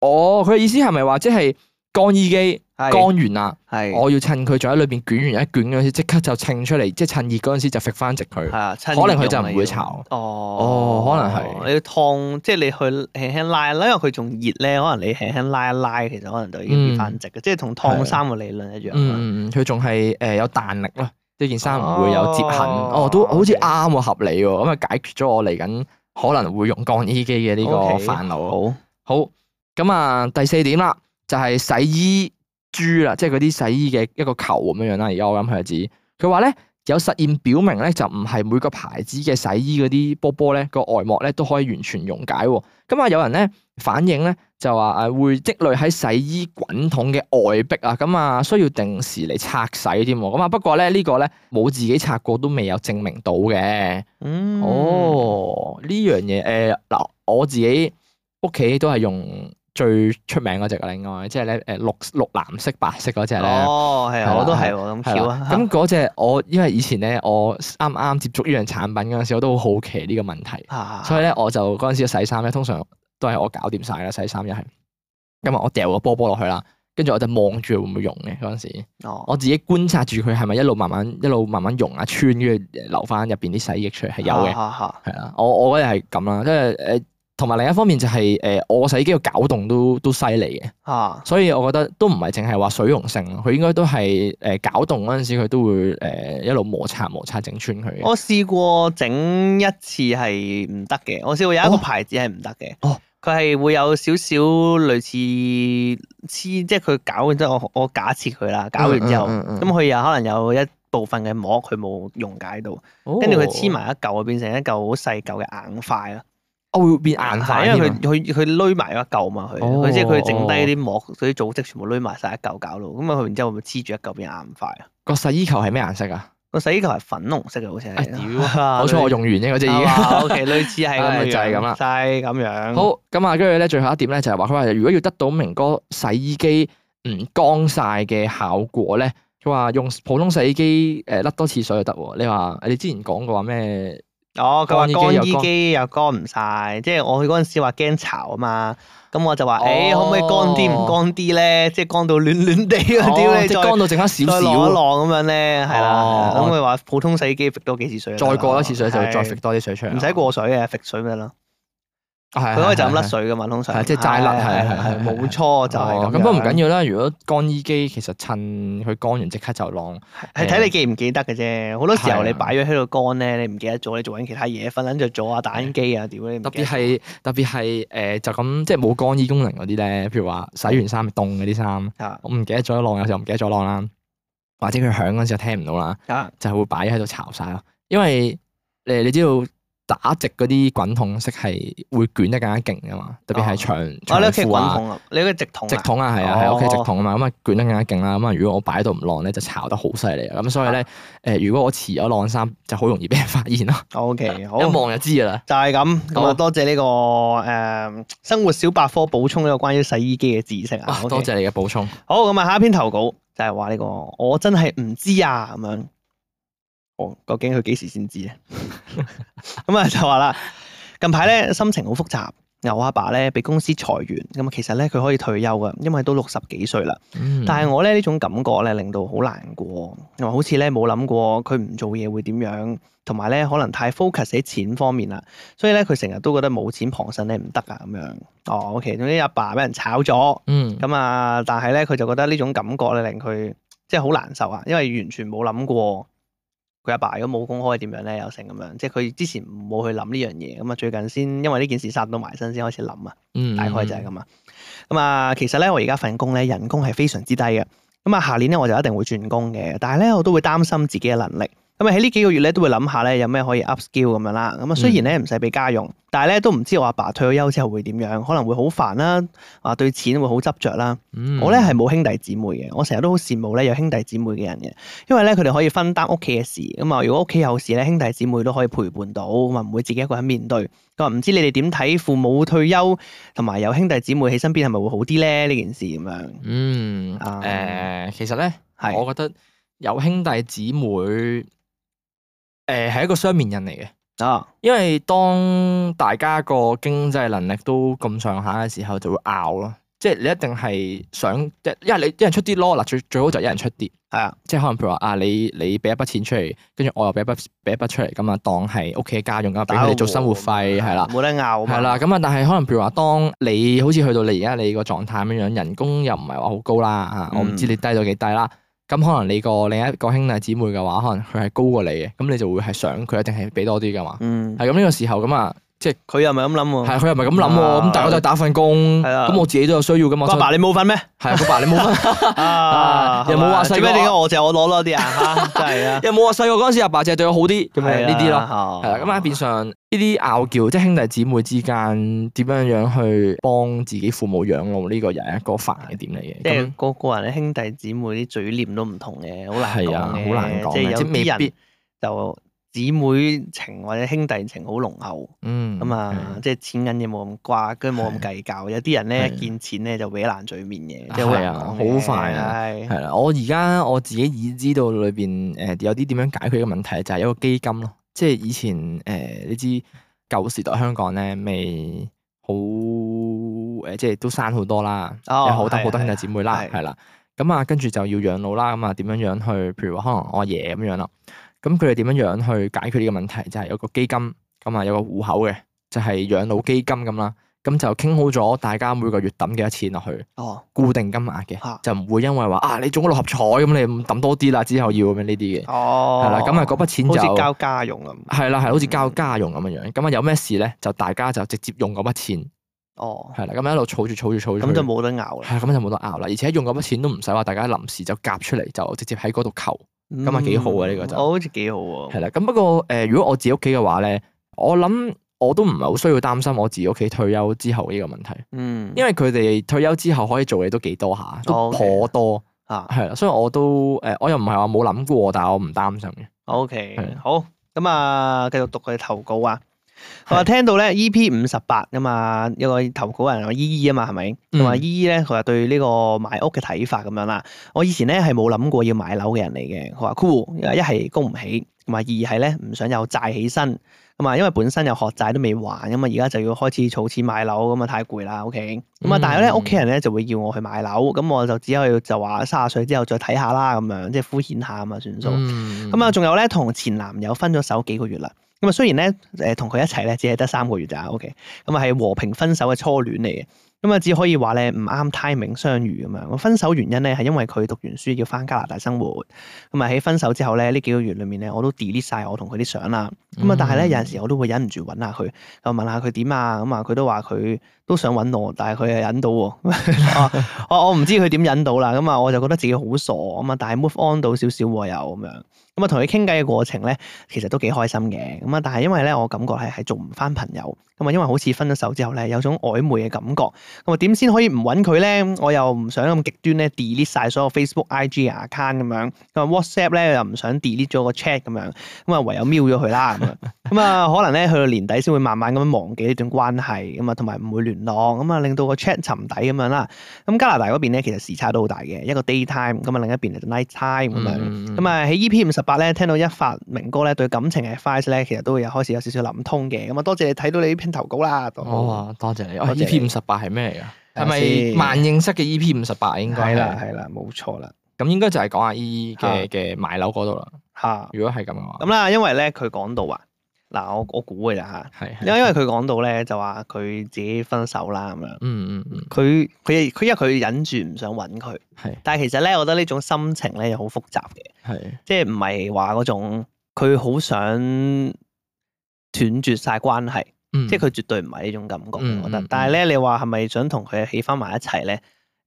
哦，佢嘅意思係咪話即係乾衣機乾完啊？係，我要趁佢仲喺裏邊捲完一卷嗰陣時，即刻就稱出嚟，即係趁熱嗰陣時就揈翻直佢。係啊，可能佢就唔會巢哦，哦，可能係、哦。你燙即係你去輕輕拉一拉，因為佢仲熱咧，可能你輕輕拉一拉，拉，其實可能就已經變翻直嘅，嗯、即係同燙衫嘅理論一樣。嗯，佢仲係誒有彈力咯。呢件衫唔會有折痕，啊、哦都好似啱喎，啊、合理喎，咁啊解決咗我嚟緊可能會用乾衣機嘅呢個煩惱，okay, 好，好、啊，咁啊第四點啦，就係、是、洗衣珠啦，即係嗰啲洗衣嘅一個球咁樣樣啦，而家我諗佢係指佢話咧。有實驗表明咧，就唔係每個牌子嘅洗衣嗰啲波波咧，個外膜咧都可以完全溶解。咁啊，有人咧反映咧就話誒會積累喺洗衣滾筒嘅外壁啊，咁啊需要定時嚟拆洗添。咁啊，不過咧呢個咧冇自己拆過都未有證明到嘅。嗯哦，哦呢樣嘢誒嗱我自己屋企都係用。最出名嗰隻，另外即係咧，誒，綠綠藍色白色嗰隻咧，哦，係的啊，我都係，咁巧啊。咁嗰隻我，因為以前咧，我啱啱接觸呢樣產品嗰陣時，我都好好奇呢個問題，啊、所以咧，我就嗰陣時洗衫咧，通常都係我搞掂晒啦，洗衫又係，今日我掉個波波落去啦，跟住我就望住佢會唔會溶嘅嗰陣時，啊、我自己觀察住佢係咪一路慢慢，一路慢慢溶啊，穿跟住流翻入邊啲洗液出嚟，係有嘅，係啦、啊啊啊，我我嗰日係咁啦，即係誒。同埋另一方面，就係誒我洗機個攪動都都犀利嘅，啊！所以我覺得都唔係淨係話水溶性，佢應該都係誒、呃、攪動嗰陣時佢都會誒、呃、一路摩擦摩擦整穿佢。我試過整一次係唔得嘅，我試過有一個牌子係唔得嘅。哦，佢係會有少少類似黐，即係佢搞完之後，我我假設佢啦，搞完之後，咁佢、嗯嗯嗯嗯、又可能有一部分嘅膜佢冇溶解到，跟住佢黐埋一嚿，變成一嚿好細嚿嘅硬塊啦。我會變硬晒，因為佢佢佢攏埋咗一嚿嘛，佢佢即係佢剩低啲膜，所以組織全部攏埋晒一嚿搞咯，咁啊佢然之後咪黐住一嚿變硬化啊。個洗衣球係咩顏色啊？個洗衣球係粉紅色嘅，好似係。屌，好彩我用完啫，嗰隻已經。哇，O K，類似係咁樣。就係咁啦。係咁樣。好，咁啊，跟住咧，最後一點咧就係話佢話，如果要得到明哥洗衣機唔乾晒嘅效果咧，佢話用普通洗衣機誒甩多次水就得喎。你話，你之前講過話咩？哦，佢話乾衣機又乾唔晒，即係我去嗰陣時話驚潮啊嘛，咁我就話誒，可唔可以乾啲唔乾啲咧？哦、即係乾到暖暖地嗰啲你、哦！即乾到剩翻少少，晾一晾咁樣咧，係啦。咁佢話普通洗衣機甩多幾次水，再過一次水就再甩多啲水出，唔使過水嘅，甩水咪啦。啊，佢可以就咁甩水噶嘛，通常，即係齋甩，係係係，冇錯、 哦、就係咁。咁不過唔緊要啦，如果乾衣機其實趁佢乾完即刻就晾，係睇你記唔記得嘅啫。好、嗯、多時候你擺咗喺度乾咧，嗯、你唔、嗯、記得咗，你做緊其他嘢，瞓捻就做下打印機啊，點咧？特別係特別係誒，就咁即係冇乾衣功能嗰啲咧，譬如話洗完衫凍嗰啲衫，嗯、我唔記得咗晾，有時候唔記得咗晾啦，或者佢響嗰陣時候聽唔到啦，就係會擺喺度巢晒咯。因為誒，你知道？打直嗰啲滾筒式係會捲得更加勁噶嘛，特別係長、哦、長褲褲啊。你屋企滾筒，直筒啊係啊，屋企直筒啊嘛，咁啊捲得更加勁啦。咁啊如果我擺到唔晾咧，就巢得好犀利啊。咁所以咧，誒，如果我遲咗晾衫，就好容易俾人發現啦。O、okay, K，好 一望就知噶啦。就係咁，咁啊多謝呢、這個誒、嗯、生活小百科補充呢個關於洗衣機嘅知識啊。多謝你嘅補充。好，咁啊下一篇投稿就係話呢個我真係唔知啊咁樣。究竟佢幾時先知咧？咁 啊 就話啦，近排咧心情好複雜。牛阿爸咧俾公司裁員，咁啊其實咧佢可以退休㗎，因為都六十幾歲啦。但係我咧呢種感覺咧令到好難過，好似咧冇諗過佢唔做嘢會點樣，同埋咧可能太 focus 喺錢方面啦，所以咧佢成日都覺得冇錢傍身咧唔得啊咁樣。哦，OK，總之阿爸俾人炒咗，嗯，咁啊，但係咧佢就覺得呢種感覺咧令佢即係好難受啊，因為完全冇諗過。佢阿爸，爸如果冇工開點樣咧，又成咁樣，即係佢之前冇去諗呢樣嘢，咁啊最近先因為呢件事殺到埋身，先開始諗啊，大概就係咁啊。咁啊、嗯嗯，其實咧我而家份工咧人工係非常之低嘅，咁啊下年咧我就一定會轉工嘅，但係咧我都會擔心自己嘅能力。咁喺呢幾個月咧都會諗下咧有咩可以 upskill 咁樣啦。咁啊雖然咧唔使俾家用，嗯、但係咧都唔知我阿爸，爸退咗休之後會點樣，可能會好煩啦，啊對錢會好執着啦。嗯、我咧係冇兄弟姊妹嘅，我成日都好羨慕咧有兄弟姊妹嘅人嘅，因為咧佢哋可以分擔屋企嘅事。咁啊如果屋企有事咧，兄弟姊妹都可以陪伴到，咁唔會自己一個人面對。咁啊唔知你哋點睇父母退休同埋有兄弟姊妹喺身邊係咪會好啲咧呢件事咁樣？嗯誒，um, 其實咧，係我覺得有兄弟姊妹。誒，係一個雙面人嚟嘅啊，因為當大家個經濟能力都咁上下嘅時候就，就會拗咯，即係你一定係想即係，因為你一人出啲咯，嗱最最好就一人出啲，係是啊即，即係可能譬如話啊，你你俾一筆錢出嚟，跟住我又俾一筆俾一筆出嚟咁啊，當係屋企嘅家用咁，俾佢哋做生活費係啦，冇的得拗係啦，咁啊，但係可能譬如話，當你好似去到你而家你個狀態咁樣，人工又唔係話好高啦，我唔、嗯、知你低到幾低啦。咁可能你個另一個兄弟姊妹嘅話，可能佢係高過你嘅，咁你就會係想佢一定係俾多啲㗎嘛。係咁呢個時候咁啊。即係佢又咪咁諗喎，佢又咪咁諗喎。咁大家就打份工，咁我自己都有需要噶嘛。阿爸你冇份咩？係阿爸你冇份，又冇話細咩？點解我就我攞多啲啊？真係啊！又冇話細個嗰陣時，阿爸就對我好啲咁樣呢啲咯。係啦，咁啊變相呢啲拗撬，即係兄弟姊妹之間點樣樣去幫自己父母養老呢個又係一個煩嘅點嚟嘅。即係個個人嘅兄弟姊妹啲嘴臉都唔同嘅，好難講。好難講，即係有啲就。姊妹情或者兄弟情好濃厚，咁啊，即係錢銀嘢冇咁掛，跟住冇咁計較。有啲人咧見錢咧就搲爛嘴面嘅，係啊，好快，係啦。我而家我自己已知道裏邊誒有啲點樣解決嘅問題，就係一個基金咯。即係以前誒你知舊時代香港咧未好誒，即係都生好多啦，有好多好多兄弟姊妹啦，係啦。咁啊，跟住就要養老啦。咁啊，點樣樣去？譬如話可能我阿爺咁樣咯。咁佢哋點樣樣去解決呢個問題？就係、是、有個基金，咁啊有個戶口嘅，就係、是、養老基金咁啦。咁就傾好咗，大家每個月抌幾多錢落去，哦、固定金額嘅，啊、就唔會因為話啊你中六合彩咁，你抌多啲啦，之後要咁樣呢啲嘅。哦，係啦，咁啊嗰筆錢就好似交家用咁。係啦係，好似交家用咁樣、嗯、樣。咁啊有咩事咧，就大家就直接用嗰筆錢。哦，係啦，咁一路儲住儲住儲住，咁就冇得拗啦。係咁就冇得拗啦。而且用嗰筆錢都唔使話大家臨時就夾出嚟，就直接喺嗰度求。咁啊，幾、嗯、好啊呢個就，我、哦、好似幾好啊，係啦，咁不過誒、呃，如果我自己屋企嘅話咧，我諗我都唔係好需要擔心我自己屋企退休之後呢個問題。嗯、因為佢哋退休之後可以做嘢都幾多下，都頗多啊，係啦、哦 okay。所以我都誒、呃，我又唔係話冇諗過，但係我唔擔心嘅。O Okay K，了好，咁啊，繼續讀佢投稿啊。佢話聽到咧 E P 五十八啊嘛，一個投稿人阿姨姨啊嘛，係咪？同埋姨姨咧，佢話對呢個買屋嘅睇法咁樣啦。我以前咧係冇諗過要買樓嘅人嚟嘅。佢話 cool，一係供唔起，同埋二係咧唔想有債起身。咁啊，因為本身有學債都未還啊嘛，而家就要開始儲錢買樓，咁啊太攰啦。O K，咁啊，但係咧屋企人咧就會要我去買樓，咁我就只可以就話三十歲之後再睇下啦，咁樣即係敷衍下啊嘛，算數。咁啊，仲有咧同前男友分咗手幾個月啦。咁啊，雖然咧，誒，同佢一齊咧，只係得三個月咋，OK？咁啊，係和平分手嘅初戀嚟嘅，咁啊，只可以話咧，唔啱 timing 相遇咁樣。分手原因咧，係因為佢讀完書要翻加拿大生活，咁啊，喺分手之後咧，呢幾個月裏面咧，我都 delete 晒我同佢啲相啦。咁啊、嗯，但係咧，有陣時我都會忍唔住揾下佢，我問下佢點啊，咁啊，佢都話佢都想揾我，但係佢啊忍到， 我我唔知佢點忍到啦。咁啊，我就覺得自己好傻啊嘛，但係 move on 到少少又咁樣。咁啊，同佢傾偈嘅過程咧，其實都幾開心嘅。咁啊，但係因為咧，我感覺係係做唔翻朋友。咁啊，因為好似分咗手之後咧，有種曖昧嘅感覺。咁啊，點先可以唔揾佢咧？我又唔想咁極端咧，delete 晒所有 Facebook、IG account 咁樣。咁啊，WhatsApp 咧又唔想 delete 咗個 chat 咁樣。咁啊，唯有 mute 咗佢啦。咁啊，可能咧去到年底先會慢慢咁樣忘記呢段關係。咁啊，同埋唔會聯絡。咁啊，令到個 chat 沉底咁樣啦。咁加拿大嗰邊咧，其實時差都好大嘅，一個 daytime，咁啊，另一邊就 night time 咁樣、嗯嗯。咁啊，喺 EP 五十八咧聽到一發明哥咧對感情嘅 advice 咧，其實都會有開始有少少諗通嘅。咁啊，多謝睇到你啲投稿啦。啊、哦，多謝你。E P 五十八係咩嚟噶？係咪、就是、萬應室嘅 E P 五十八？應該係啦，係啦，冇錯啦。咁應該就係講阿 E 嘅嘅買樓嗰度啦。嚇的，如果係咁嘅話，咁啦，因為咧佢講到話。嗱，我我估嘅啫嚇，因為因為佢講到咧就話佢自己分手啦咁樣，嗯嗯嗯，佢佢佢因為佢忍住唔想揾佢，係是，但係其實咧，我覺得呢種心情咧又好複雜嘅，係是，即係唔係話嗰種佢好想斷絕晒關係，嗯、即係佢絕對唔係呢種感覺，我覺得。嗯嗯、但係咧，你話係咪想同佢起翻埋一齊咧？誒、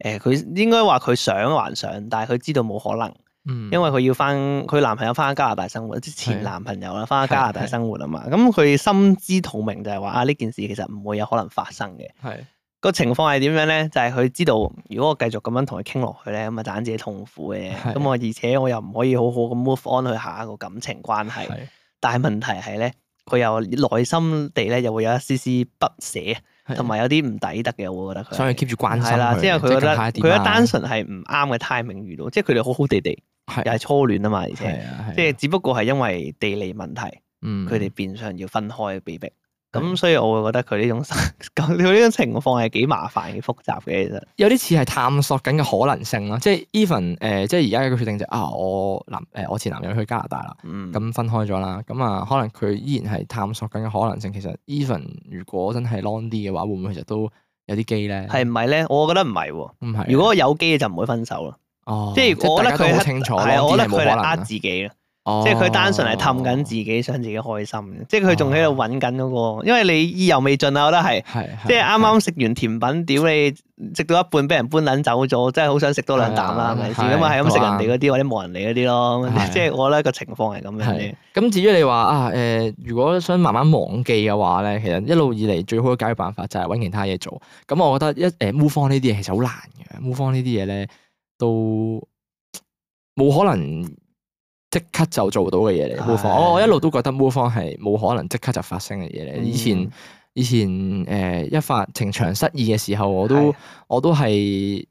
呃，佢應該話佢想還想，但係佢知道冇可能。因為佢要翻佢男朋友翻加拿大生活，之前男朋友啦，翻加拿大生活啊嘛。咁佢心知肚明就係話啊呢件事其實唔會有可能發生嘅。係個的情況係點樣咧？就係、是、佢知道如果我繼續咁樣同佢傾落去咧，咁啊盞自己痛苦嘅。咁的我而且我又唔可以好好咁 move on 去下一個感情關係。的但係問題係咧，佢又內心地咧又會有一絲絲不捨，同埋有啲唔抵得嘅。我覺得佢想的以 keep 住關係係啦，即係佢覺得佢一單純係唔啱嘅 timing 遇到，即係佢哋好好地地。又係是初戀啊嘛，而且即係、啊啊、只不過係因為地理問題，佢哋、嗯、變相要分開被逼。咁、嗯、所以我會覺得佢呢種咁呢 種情況係幾麻煩、幾複雜嘅。其實有啲似係探索緊嘅可能性咯，即係 Even 誒，即係而家一個決定就是、啊，我男誒，我前男友去加拿大啦，咁、嗯、分開咗啦，咁啊，可能佢依然係探索緊嘅可能性。其實 Even 如果真係 long 啲嘅話，會唔會其實都有啲機咧？係唔係咧？我覺得唔係喎。唔係。如果有機嘅就唔會分手咯。哦，即係我覺得佢係，係啊，我覺得佢係呃自己啦。即係佢單純係氹緊自己，想自己開心。即係佢仲喺度揾緊嗰個，因為你意猶未盡啊，我覺得係。即係啱啱食完甜品，屌你食到一半俾人搬撚走咗，真係好想食多兩啖啦，係咪先？咁啊，係咁食人哋嗰啲或者冇人哋嗰啲咯。即係我覺得個情況係咁樣。咁至於你話啊，誒，如果想慢慢忘記嘅話咧，其實一路以嚟最好嘅解決辦法就係搵其他嘢做。咁我覺得一誒 move on 呢啲嘢其實好難嘅，move on 呢啲嘢咧。都冇可能即刻就做到嘅嘢嚟 move on，我一路都覺得 move on 係冇可能即刻就發生嘅嘢嚟。以前以前誒一發情場失意嘅時候，我都是的 我都係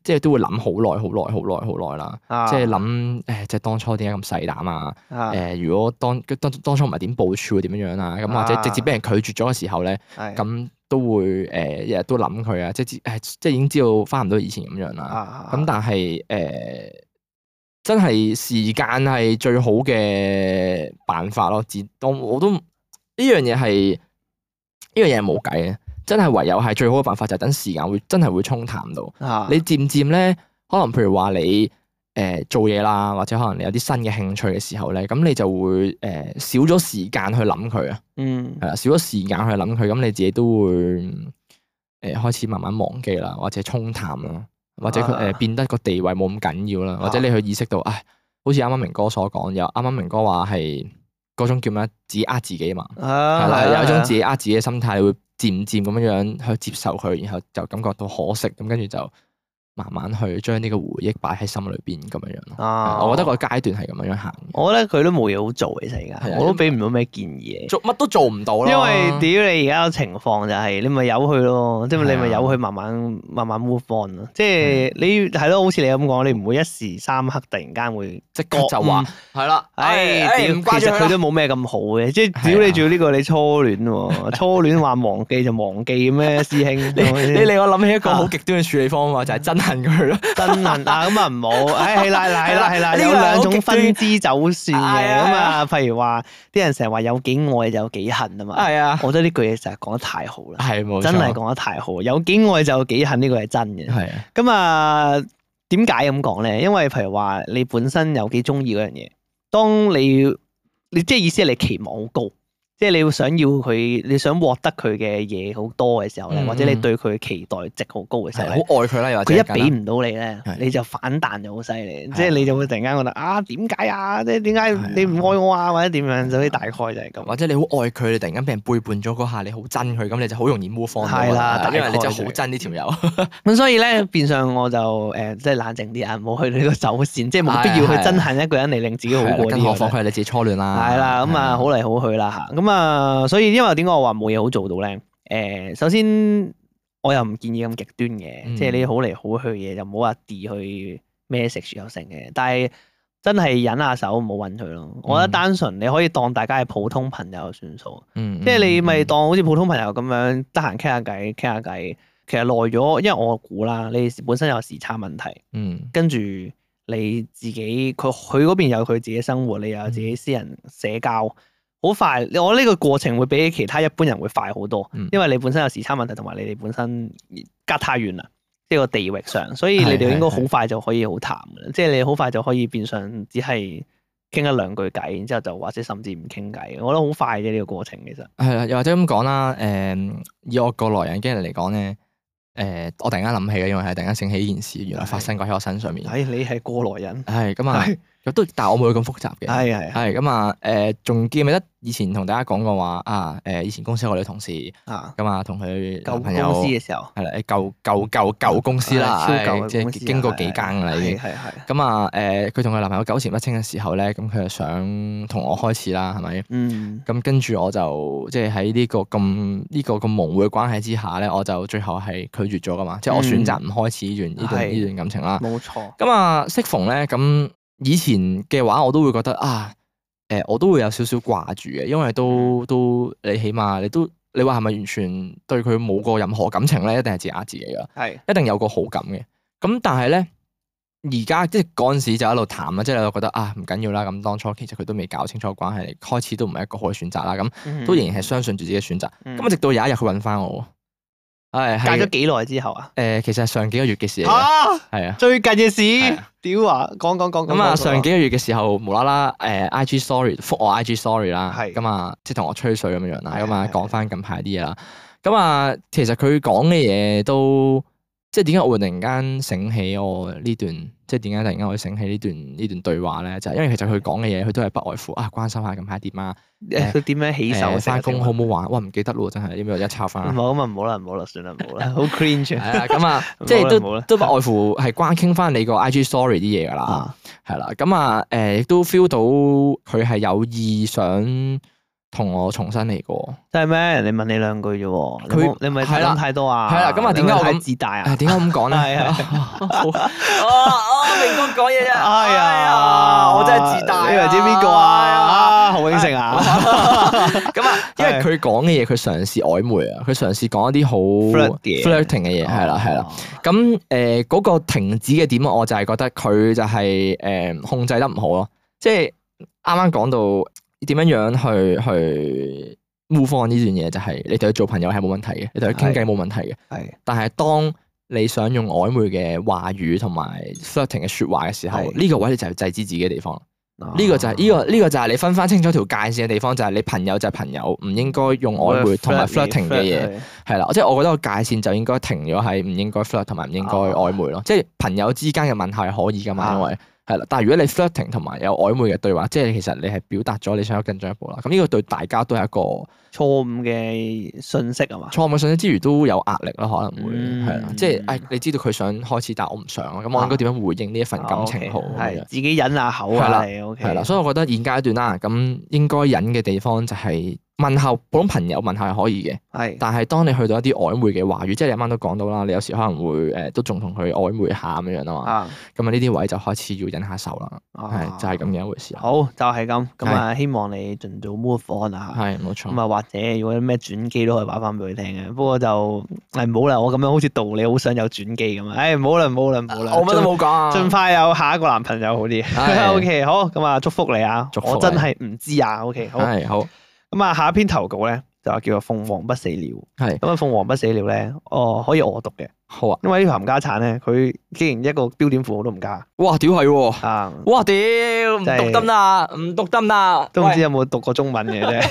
即係都會諗好耐好耐好耐好耐啦。即係諗誒即係當初點解咁細膽啊？誒、啊、如果當當當初唔係點部署會點樣樣啦、啊？咁或者直接俾人拒絕咗嘅時候咧咁。是的 嗯都會誒，日、呃、日都諗佢啊，即係即係已經知道翻唔到以前咁樣啦。咁、啊、但係誒、呃，真係時間係最好嘅辦法咯。自當我，我都呢樣嘢係呢樣嘢係冇計嘅，真係唯有係最好嘅辦法就係、是、等時間會真係會沖淡到。啊、你漸漸咧，可能譬如話你。誒、呃，做嘢啦，或者可能你有啲新嘅興趣嘅時候咧，咁你就會誒少咗時間去諗佢啊，嗯，係啦，少咗時間去諗佢，咁、嗯、你自己都會誒、呃、開始慢慢忘記啦，或者沖淡啦，或者佢誒、呃、變得個地位冇咁緊要啦，或者你去意識到，啊、哎，好似啱啱明哥所講，有啱啱明哥話係嗰種叫咩，自己呃自己嘛，係啦、啊，有一種自己呃自己嘅心態會漸漸咁樣樣去接受佢，然後就感覺到可惜，咁跟住就。慢慢去將呢個回憶擺喺心裏邊咁樣樣咯，我覺得個階段係咁樣樣行。我覺得佢都冇嘢好做，其實而家我都俾唔到咩建議，做乜都做唔到啦。因為屌你而家嘅情況就係，你咪由佢咯，即係你咪由佢慢慢慢慢 move on 咯。即係你係咯，好似你咁講，你唔會一時三刻突然間會即刻就話係啦。唉，其實佢都冇咩咁好嘅，即係屌你做呢個你初戀喎，初戀話忘記就忘記咩？師兄，你你令我諗起一個好極端嘅處理方法，就係真。 真恨佢咯。憎恨 啊，咁啊唔好， 哎係啦，係啦，係啦，係啦 有兩種分支走線嘅，咁啊、 哎呀，譬如話啲人成日話有幾愛就有幾恨啊嘛，係啊，我覺得呢句嘢成日講得太好啦，係冇，真係講得太好，有幾愛就有幾恨呢個係真嘅，係啊，咁啊，點解咁講咧？因為譬如話你本身有幾中意嗰樣嘢，當你你即係意思係你期望好高。即係你要想要佢，你想獲得佢嘅嘢，好多嘅時候咧，或者你對佢期待值好高嘅時候，好愛佢啦。又或者佢一俾唔到你咧，你就反彈就好犀利，即係你就會突然間覺得啊，點解啊，即係點解你唔愛我啊，或者點樣？所以大概就係咁。或者你好愛佢，你突然間俾人背叛咗嗰下，你好憎佢，咁你就好容易 move on。係啦，因為你就好憎呢條友。咁所以咧，變相我就誒，即係冷靜啲啊，冇去你度走線，即係冇必要去憎恨一個人嚟令自己好過啲。更何況係你自己初戀啦。係啦，咁啊好嚟好去啦吓。咁啊、嗯，所以因為點解我話冇嘢好做到咧？誒，首先我又唔建議咁極端嘅，嗯、即係你好嚟好去嘢又唔好話 delete 佢 message 又成嘅。但係真係忍下手，唔好揾佢咯。嗯、我覺得單純你可以當大家係普通朋友算數，嗯嗯、即係你咪當好似普通朋友咁樣得閒傾下偈，傾下偈。其實耐咗，因為我估啦，你本身有時差問題，嗯、跟住你自己佢佢嗰邊有佢自己生活，你有自己私人社交。好快，我呢個過程會比其他一般人會快好多，嗯、因為你本身有時差問題，同埋你哋本身隔太遠啦，即、這、係個地域上，所以你哋應該好快就可以好淡，是是是，即係你好快就可以變相，只係傾一兩句偈，然之後就或者甚至唔傾偈。我覺得好快嘅呢個過程，其實係又或者咁講啦，誒、呃、以我過來人經歷嚟講咧，誒、呃、我突然間諗起嘅，因為係突然間醒起一件事，原來發生過喺我身上面。哎，你係過來人，係咁啊。 都，但係我冇咁複雜嘅，係係係咁啊！誒，仲記唔記得以前同大家講過話啊？誒，以前公司我哋同事啊，咁啊，同佢舊公司嘅時候，係啦，舊舊舊舊公司啦，超舊嘅公司，即係經過幾間啦，已經。咁啊，誒，佢同佢男朋友糾纏不清嘅時候咧，咁佢就想同我開始啦，係咪？咁跟住我就，即係喺呢個咁呢個咁模糊嘅關係之下咧，我就最後係拒絕咗㗎嘛，即係我選擇唔開始呢段呢段感情啦。冇錯。咁啊，適逢咧咁。以前嘅話，我都會覺得啊，誒、呃，我都會有少少掛住嘅，因為都都你起碼你都你話係咪完全對佢冇過任何感情咧？一定係自呃自己啦，係是一定有個好感嘅。咁但係咧，而家即係嗰陣時就喺度談、啊、啦，即係你覺得啊，唔緊要啦。咁當初其實佢都未搞清楚關係，開始都唔係一個好嘅選擇啦。咁都仍然係相信住自己嘅選擇。咁啊、嗯哼，直到有一日佢搵返我。係隔咗幾耐之後啊？誒，其實係上幾個月嘅事啊，係啊，最近嘅事，屌啊，講講講講。咁啊，上幾個月嘅時候，無啦啦誒，IG story 覆我 IG story 啦，咁啊，即係同我吹水咁樣啦，咁啊，講翻近排啲嘢啦。咁啊，其實佢講嘅嘢都～.即係點解我會突然間醒起我呢段？即係點解突然間我會醒起呢段呢段對話咧？就係、是、因為其實佢講嘅嘢，佢都係不外乎啊，啊關心下最近排點啊，佢點樣起手？返工好唔好玩？哇、哦、唔記得咯，真係呢唔要一抄翻？唔好咁啊，唔好啦，唔好啦，算啦，唔好啦，好 cringe。咁 啊，即係都 都不外乎係關傾翻你個 I G story 啲嘢噶啦，係啦、嗯。咁啊、嗯，誒亦都 feel 到佢係有意想。同我重新嚟過，即係咩？你問你兩句啫，佢他你咪睇諗太多啊！係啦，咁啊，點解我咁自大啊？點解咁講咧？係啊，我我美國講嘢啫。係、啊啊啊 哎、呀，我真係自大、啊。你話知邊個啊？啊，洪永城啊！咁啊，因為佢講嘅嘢，佢嘗試曖昧啊，佢嘗試講一啲好 flirting 嘅嘢，係啦係啦。咁誒，嗰、呃那個停止嘅點，我就係覺得佢就係、是、誒、呃、控制得唔好咯。即係啱啱講到。點樣樣去去 move on 呢段嘢？就係你同佢做朋友係冇問題嘅，你同佢傾偈冇問題嘅。係。是的 但係當你想用曖昧嘅話語同埋 flirting 嘅說話嘅時候，呢是的 個位就係制止自己嘅地方。呢、啊、個就係、是、呢、呢個呢、呢個就係你分翻清楚條界線嘅地方。就係、是、你朋友就係朋友，唔應該用曖昧同埋 flirting 嘅嘢。係啦，即係我覺得個界線就應該停咗，係唔應該 flirt 同埋唔應該曖昧咯。即係朋友之間嘅問題係可以噶嘛？因為係啦，但係如果你 flirting 同埋有曖昧嘅對話，即係其實你係表達咗你想有更進一步啦。咁呢個對大家都係一個錯誤嘅信息啊嘛，錯誤嘅信息之餘都有壓力咯，可能會係啦，即係誒你知道佢想開始，但我唔想啊，咁我應該點樣回應呢一份感情好？係自己忍下口係啦，係啦，所以我覺得現階段啦，咁應該忍嘅地方就係問候，普通朋友問候係可以嘅，係，但係當你去到一啲曖昧嘅話語，即係你啱啱都講到啦，你有時可能會誒都仲同佢曖昧下咁樣啊嘛，咁啊呢啲位就開始要忍下手啦，係就係咁嘅一回事。好，就係咁，咁啊希望你盡早 move on 啊，係冇錯。誒，如果咩轉機都可以話翻俾佢聽嘅，不過就誒，唔好啦，我咁樣好似道理，好想有轉機咁啊！誒，唔好啦，唔好啦，唔好啦，我乜都冇講啊，盡快有下一個男朋友好啲。O K，好，咁啊，祝福你啊，我真係唔知啊。O K，好，咁啊，下一篇投稿咧就叫做《鳳凰不死鳥》，係咁啊，《鳳凰不死鳥》咧，哦，可以我讀嘅，好啊，因為呢個冚家產咧，佢竟然一個標點符號都唔加，哇，屌係，啊，哇，屌唔讀得啦，唔讀得啦，都唔知有冇讀過中文嘅啫。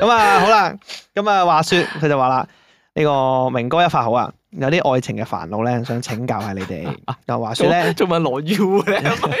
咁啊、嗯，好啦，咁、嗯、啊，話說佢就話啦，呢、這個明哥一發好啊，有啲愛情嘅煩惱咧，想請教下你哋啊。咁、嗯、啊，話說咧，仲問羅宇咧。咁啊、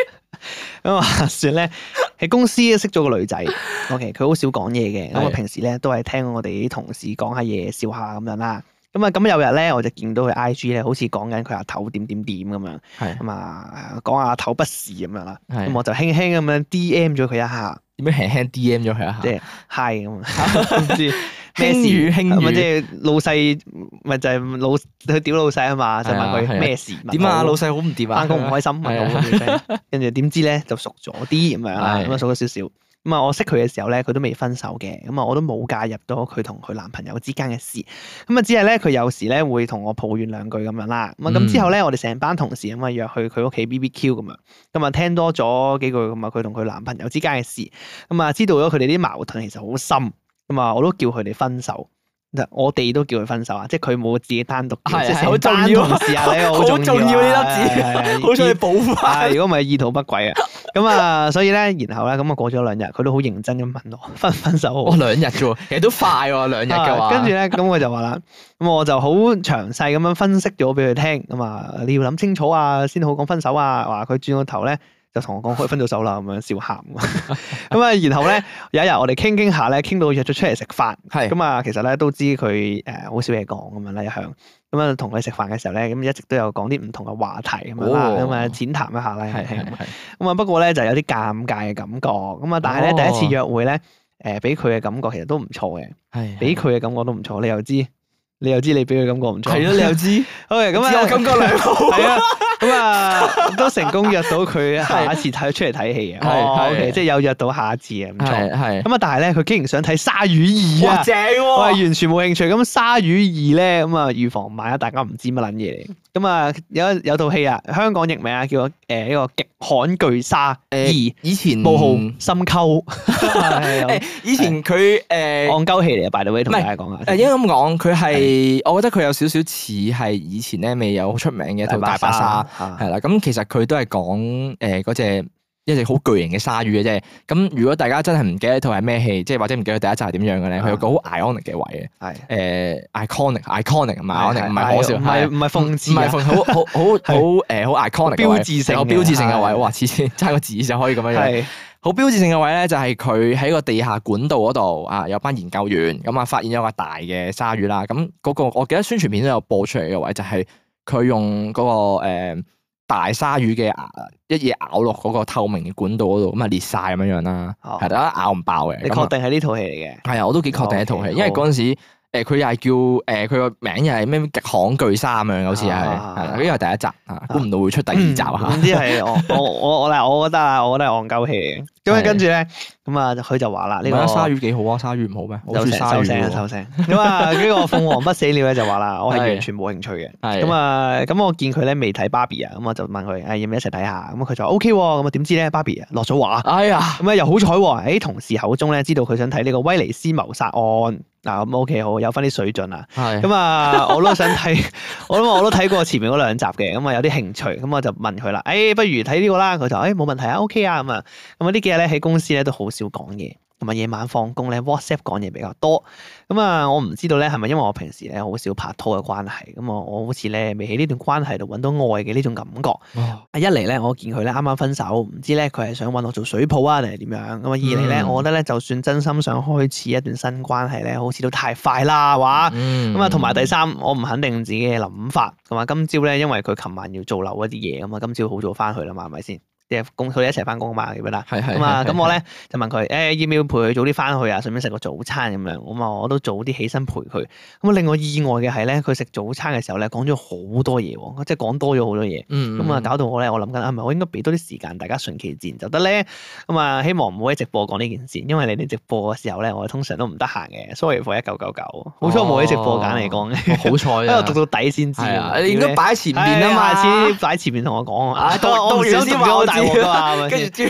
嗯，話說咧，喺公司識咗個女仔 ，OK，佢好少講嘢嘅，咁啊是，嗯、我平時咧都係聽我哋啲同事講下嘢，笑下咁樣啦。咁啊，咁有日咧，我就見到佢 IG 咧，好似講緊佢阿頭點點點咁樣，咁、嗯、啊，講、嗯、阿、嗯、頭不是咁樣啦。咁、嗯、是我就輕輕咁樣 DM 咗佢一下。點樣輕輕 D.M. 咗佢一下，即係、就是、Hi 咁，唔知咩事 輕，輕語輕語，即係老細，咪就係老佢屌老細啊嘛，就是、問佢咩 事。點 啊，老細好唔掂啊，翻工唔開心，跟住點知咧就熟咗啲咁樣，咁啊 熟咗少少。咁啊，我識佢嘅時候咧，佢都未分手嘅，咁啊，我都冇介入到佢同佢男朋友之間嘅事，咁啊，只係咧佢有時咧會同我抱怨兩句咁樣啦，咁啊、嗯，咁之後咧，我哋成班同事咁啊，約去佢屋企 BBQ 咁樣，咁啊，聽多咗幾句咁啊，佢同佢男朋友之間嘅事，咁啊，知道咗佢哋啲矛盾其實好深，咁啊，我都叫佢哋分手，我哋都叫佢分手啊，即係佢冇自己單獨叫，係係的，好重要，好重要呢粒字，好彩補翻，如果唔係，意圖不軌啊。咁啊、嗯，所以咧，然後咧，咁、嗯、啊過咗兩日，佢都好認真咁問我分唔 分手？我兩日啫喎，其實都快喎，兩日嘅話。跟住咧，咁我就話啦，咁我就好詳細咁樣分析咗俾佢聽。咁、嗯、啊，你要諗清楚啊，先好講分手啊。話佢轉個頭咧，就同我講可以分到手啦，咁樣笑喊。咁啊，然後咧有一日我哋傾傾下咧，傾到約咗出嚟食飯。係、 嗯。咁、嗯、啊，其實咧都知佢誒好少嘢講咁樣咧一向。咁啊，同佢食飯嘅時候咧，咁一直都有講啲唔同嘅話題咁樣啦，咁啊淺談一下咧。係係。咁啊，不過咧就有啲尷尬嘅感覺。咁啊，但係咧第一次約會咧，誒、呃，俾佢嘅感覺其實都唔錯嘅。係的。俾佢嘅感覺都唔錯，你又知，你又知你俾佢感覺唔錯，係 咯，你又知 ，OK，咁啊， 感覺良好，係、嗯、啊，咁啊都成功約到佢下一次睇 是出嚟睇戲啊，OK，即係有約到下一次啊，唔錯，係，咁啊，但係咧佢竟然想睇《鯊魚二》啊，正喎、啊，我係完全冇興趣，咁《鯊魚二》咧，咁啊預防萬一，大家唔知乜撚嘢。咁啊、嗯，有有套戲啊，香港譯名啊，叫、呃、誒一個極罕巨鯊。二》，以前報號深溝， 以前佢他誒，戇鳩是、呃、戲嚟啊，by the way 同大家講啊，應該咁講，佢係的我覺得佢有少少似係以前咧未有出名嘅《一套大沙白，白，白鯊》啊，係啦，咁其實佢都係講誒嗰隻。一隻好巨型嘅鯊魚嘅啫，咁如果大家真係唔記得套係咩戲，即係或者唔記得第一集係點樣嘅咧，佢有個好 iconic 嘅位嘅，係誒 iconic，iconic 唔係 iconic 唔係可笑，唔係唔係諷唔係好好好好好 iconic 標誌性嘅標誌性嘅位，的哇！黐線，差個字就可以咁樣樣，好的標誌性嘅位咧，就係佢喺個地下管道嗰度啊，有班研究員咁啊，發現咗個大嘅鯊魚啦，咁、那、嗰個我記得宣傳片都有播出嚟嘅位就、那個，就係佢用嗰個大鯊魚嘅牙一嘢咬落嗰個透明嘅管道嗰度，咁啊裂晒咁樣樣啦，係得好咬唔爆嘅。你確定係呢套戲嚟嘅？係啊，我都幾確定係呢套戲，okay, 好因為嗰陣時。誒，佢又係叫誒，佢個名又係咩？極恐巨三啊，樣嘅好似係，呢個係第一集，估唔到會出第二集啊！點知係我我我我，我覺得啊，我覺得係憨鳩氣。咁啊，跟住咧，咁啊，佢就話啦，你覺得鯊魚幾好啊，鯊魚唔好咩？收聲收聲！咁啊，呢個鳳凰不死鳥咧就話啦，我係完全冇興趣嘅。咁啊，咁我見佢咧未睇芭比啊，咁我就問佢，哎，要唔要一齊睇下？咁佢就 O K，咁啊，點知咧芭比啊，落咗畫，哎呀，咁啊又好彩喎！喺同事口中咧，知道佢想睇呢個威尼斯謀殺案。嗱咁、嗯、OK 好，有翻啲水準啦。咁啊、 嗯，我都想睇，我都我諗睇過前面嗰兩集嘅，咁、嗯、啊有啲興趣，咁、嗯、我就問佢啦。誒、哎，不如睇呢個啦。佢就誒冇、哎、問題啊，OK 啊咁啊。咁、嗯、啊，嗯、幾呢幾日咧喺公司咧都好少講嘢。同埋夜晚放工咧，WhatsApp 講嘢比較多。咁、嗯、啊，我唔知道咧，係咪因為我平時咧好少拍拖嘅關係？咁啊，我好似咧未喺呢段關係度揾到愛嘅呢種感覺。哦、一嚟咧，我見佢咧啱啱分手，唔知咧佢係想揾我做水泡啊，定係點樣？咁啊，二嚟咧，我覺得咧就算真心想開始一段新關係咧，好似都太快啦，係嘛？咁啊、嗯，同、嗯、埋第三，我唔肯定自己嘅諗法。同埋今朝咧，因為佢琴晚要做留一啲嘢啊，今朝好早翻去啦嘛，係咪先？共佢哋一齊翻工嘛，咁啊咁我咧就問佢，誒要唔要陪佢早啲翻去啊，順便食個早餐咁樣，咁、嗯、啊我都早啲起身陪佢。咁、嗯、啊、就是，令我意外嘅係咧，佢食早餐嘅時候咧講咗好多嘢，即係講多咗好多嘢。咁、嗯、啊，搞到我咧，我諗緊，係咪我應該俾多啲時間大家順其自然就得咧。咁、嗯、啊、嗯，希望唔好喺直播講呢件，件事，因為你哋直播嘅時候咧，我哋通常都唔得閒嘅，sorry 一九九九。好彩冇喺直播揀嚟講。好彩。因為讀到底先知啊，你應該擺前面啊嘛，先擺前面同我講啊。讀先話。跟住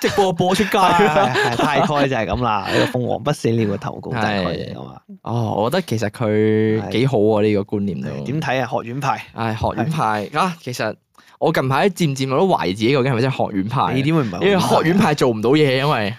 直播播出街，大概就係咁啦。鳳凰不死鳥嘅投稿係咁啊。哦，我覺得其實佢幾好啊，呢個觀念都點睇啊？學院派，係學院派啊。其實我近排漸漸我都懷疑自己究竟係咪真係學院派。你點會唔係？因為學院派做唔到嘢，因為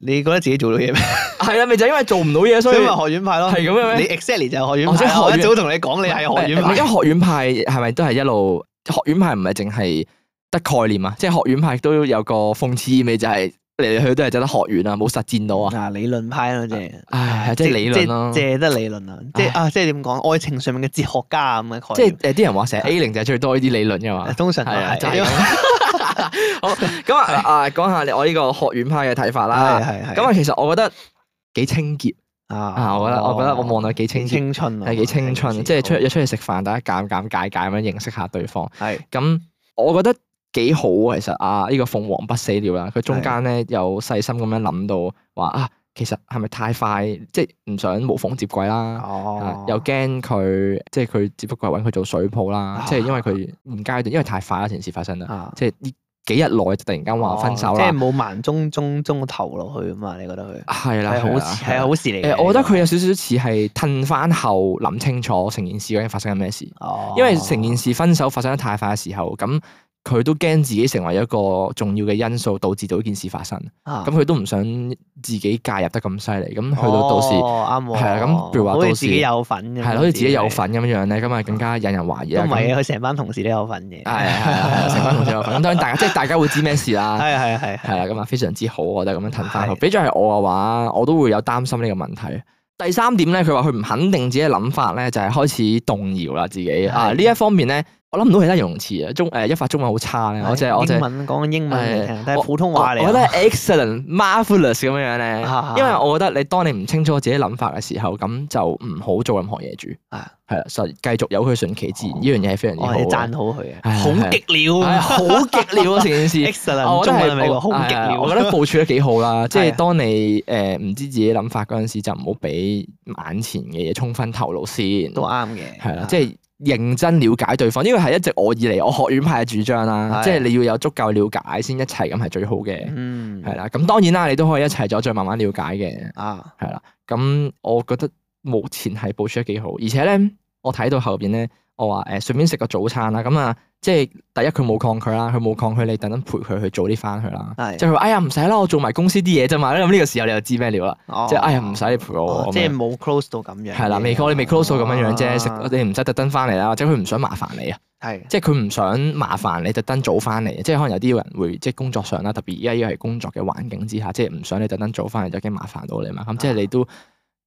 你覺得自己做到嘢咩？係啊，咪就係因為做唔到嘢，所以因為學院派咯。係咁樣你 Excel 就係學院派。我一早同你講，你係學院派。因為學院派係咪都係一路？學院派唔係淨係。得概念啊，即係學院派都有個諷刺意味，就係嚟嚟去去都係就得學院啊，冇實戰到啊。啊，理論派咯，即係，唉，即係理論咯，借得理論啊，即係啊，即係點講？愛情上面嘅哲學家咁嘅概念。即係誒，啲人話成日 A 零就係最多呢啲理論嘅嘛。通常係啊。好，咁啊啊，講下我呢個學院派嘅睇法啦。咁啊，其實我覺得幾清潔啊，我覺得我覺得我望落幾清潔，青春，係幾青春，即係出一出嚟食飯，大家減減解解咁樣認識下對方。係。咁我覺得。幾好啊，這個、是的 啊！其實啊，呢個鳳凰不死鳥啦，佢中間咧有細心咁樣諗到話啊，其實係咪太快？即係唔想無縫接軌啦，哦啊，又驚佢即係佢只不過係揾佢做水泡啦。啊，即係因為佢唔階段，因為太快啊，成件事發生啦。啊，即係呢幾日內就突然間話分手啦，哦，即係冇慢中中中個頭落去啊嘛。你覺得佢係啦，好係好事嚟。誒的，我覺得佢有少少似係褪翻後諗清楚成件事究竟發生緊咩事，因為成件事分手發生得太快嘅時候咁。佢都驚自己成為一個重要嘅因素，導致到呢件事發生。咁佢都唔想自己介入得咁犀利，咁去到到時，係啊，咁譬如話，到時自己有份，係好似自己有份咁樣樣咧，咁啊更加引人懷疑。因為佢成班同事都有份嘅。係係係，成班同事有份。咁當然，大家即係大家會知咩事啦。係係係，係啦。咁啊，非常之好，我覺得咁樣褪翻。比作係我嘅話，我都會有擔心呢個問題。第三點咧，佢話佢唔肯定自己嘅諗法咧，就係開始動搖啦，自己啊呢一方面咧。我諗唔到其他用詞啊，中誒一發中文好差咧，我就我文講英文，普通話嚟。我覺得 excellent、marvellous 咁樣樣咧，因為我覺得你當你唔清楚自己諗法嘅時候，咁就唔好做任何嘢住。係係所以繼續有佢順其自然，呢樣嘢係非常之好。你讚好佢啊，好極了，好極了成件事。e x c 中文係好極了。我覺得部署得幾好啦，即係當你誒唔知自己諗法嗰陣時，就唔好俾眼前嘅嘢充分透露先。都啱嘅，係啦，即係。認真了解對方，呢個係一直我以嚟我學院派嘅主張啦，是即係你要有足夠了解先一齊，咁係最好嘅，係啦、嗯。咁當然啦，你都可以一齊咗再慢慢了解嘅，係啦、啊。咁我覺得目前係保持得幾好，而且咧我睇到後邊咧。我話誒，順便食個早餐啦，咁啊，即係第一佢冇抗拒啦，佢冇抗拒，你特登陪佢去早啲翻去啦。係，即係佢話哎呀唔使啦，我做埋公司啲嘢啫嘛。咁呢個時候你又知咩料啦？即係哎呀唔使你陪我，即係冇 close 到咁樣。係啦，未 c 你未 close 到咁樣樣啫。食，你唔使特登翻嚟啦。或者佢唔想麻煩你啊。係，即係佢唔想麻煩你特登早翻嚟。即係可能有啲人會即係工作上啦，特別依家依個係工作嘅環境之下，即係唔想你特登早翻嚟，就驚麻煩到你嘛。咁即係你都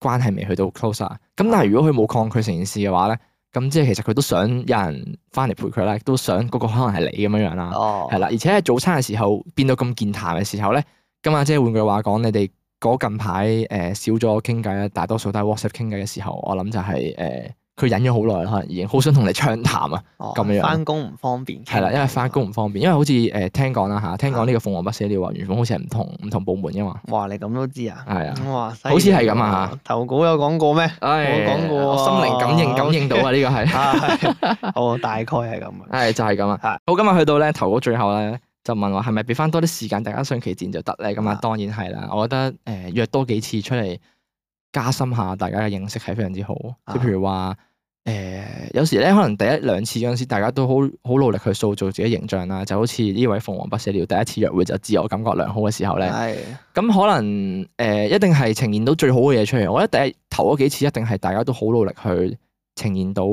關係未去到 close 啊。咁但係如果佢冇抗拒成件事嘅話咧？咁即係其實佢都想有人翻嚟陪佢啦，都想嗰個可能係你咁樣樣啦，係啦、oh.，而且喺早餐嘅時候變到咁健談嘅時候咧，咁啊即係換句話講，你哋嗰近排誒、呃、少咗傾偈啦，大多數都係 WhatsApp 傾偈嘅時候，我諗就係、是、誒。呃佢忍咗好耐可能已經好想同你暢談啊，咁樣樣。翻工唔方便。係啦，因為翻工唔方便，因為好似誒聽講啦嚇，聽講呢個鳳凰不死鳥啊，原本好似係唔同唔同部門嘅嘛。哇！你咁都知啊？係啊。哇！好似係咁啊嚇。投稿有講過咩？冇講過。心靈感應，感應到啊！呢個係。好，大概係咁啊。係就係咁啊。係。好，今日去到咧，投稿最後咧，就問我係咪俾翻多啲時間大家順其自然就得咧？咁啊，當然係啦。我覺得誒約多幾次出嚟。加深下大家嘅認識係非常之好，即、啊、譬如話，誒、呃，有時咧可能第一兩次嗰陣時，大家都好好努力去塑造自己形象啦，就好似呢位鳳凰不死鳥第一次約會就自我感覺良好嘅時候咧，係，咁可能誒、呃，一定係呈現到最好嘅嘢出嚟。我覺得第一頭嗰幾次一定係大家都好努力去呈現到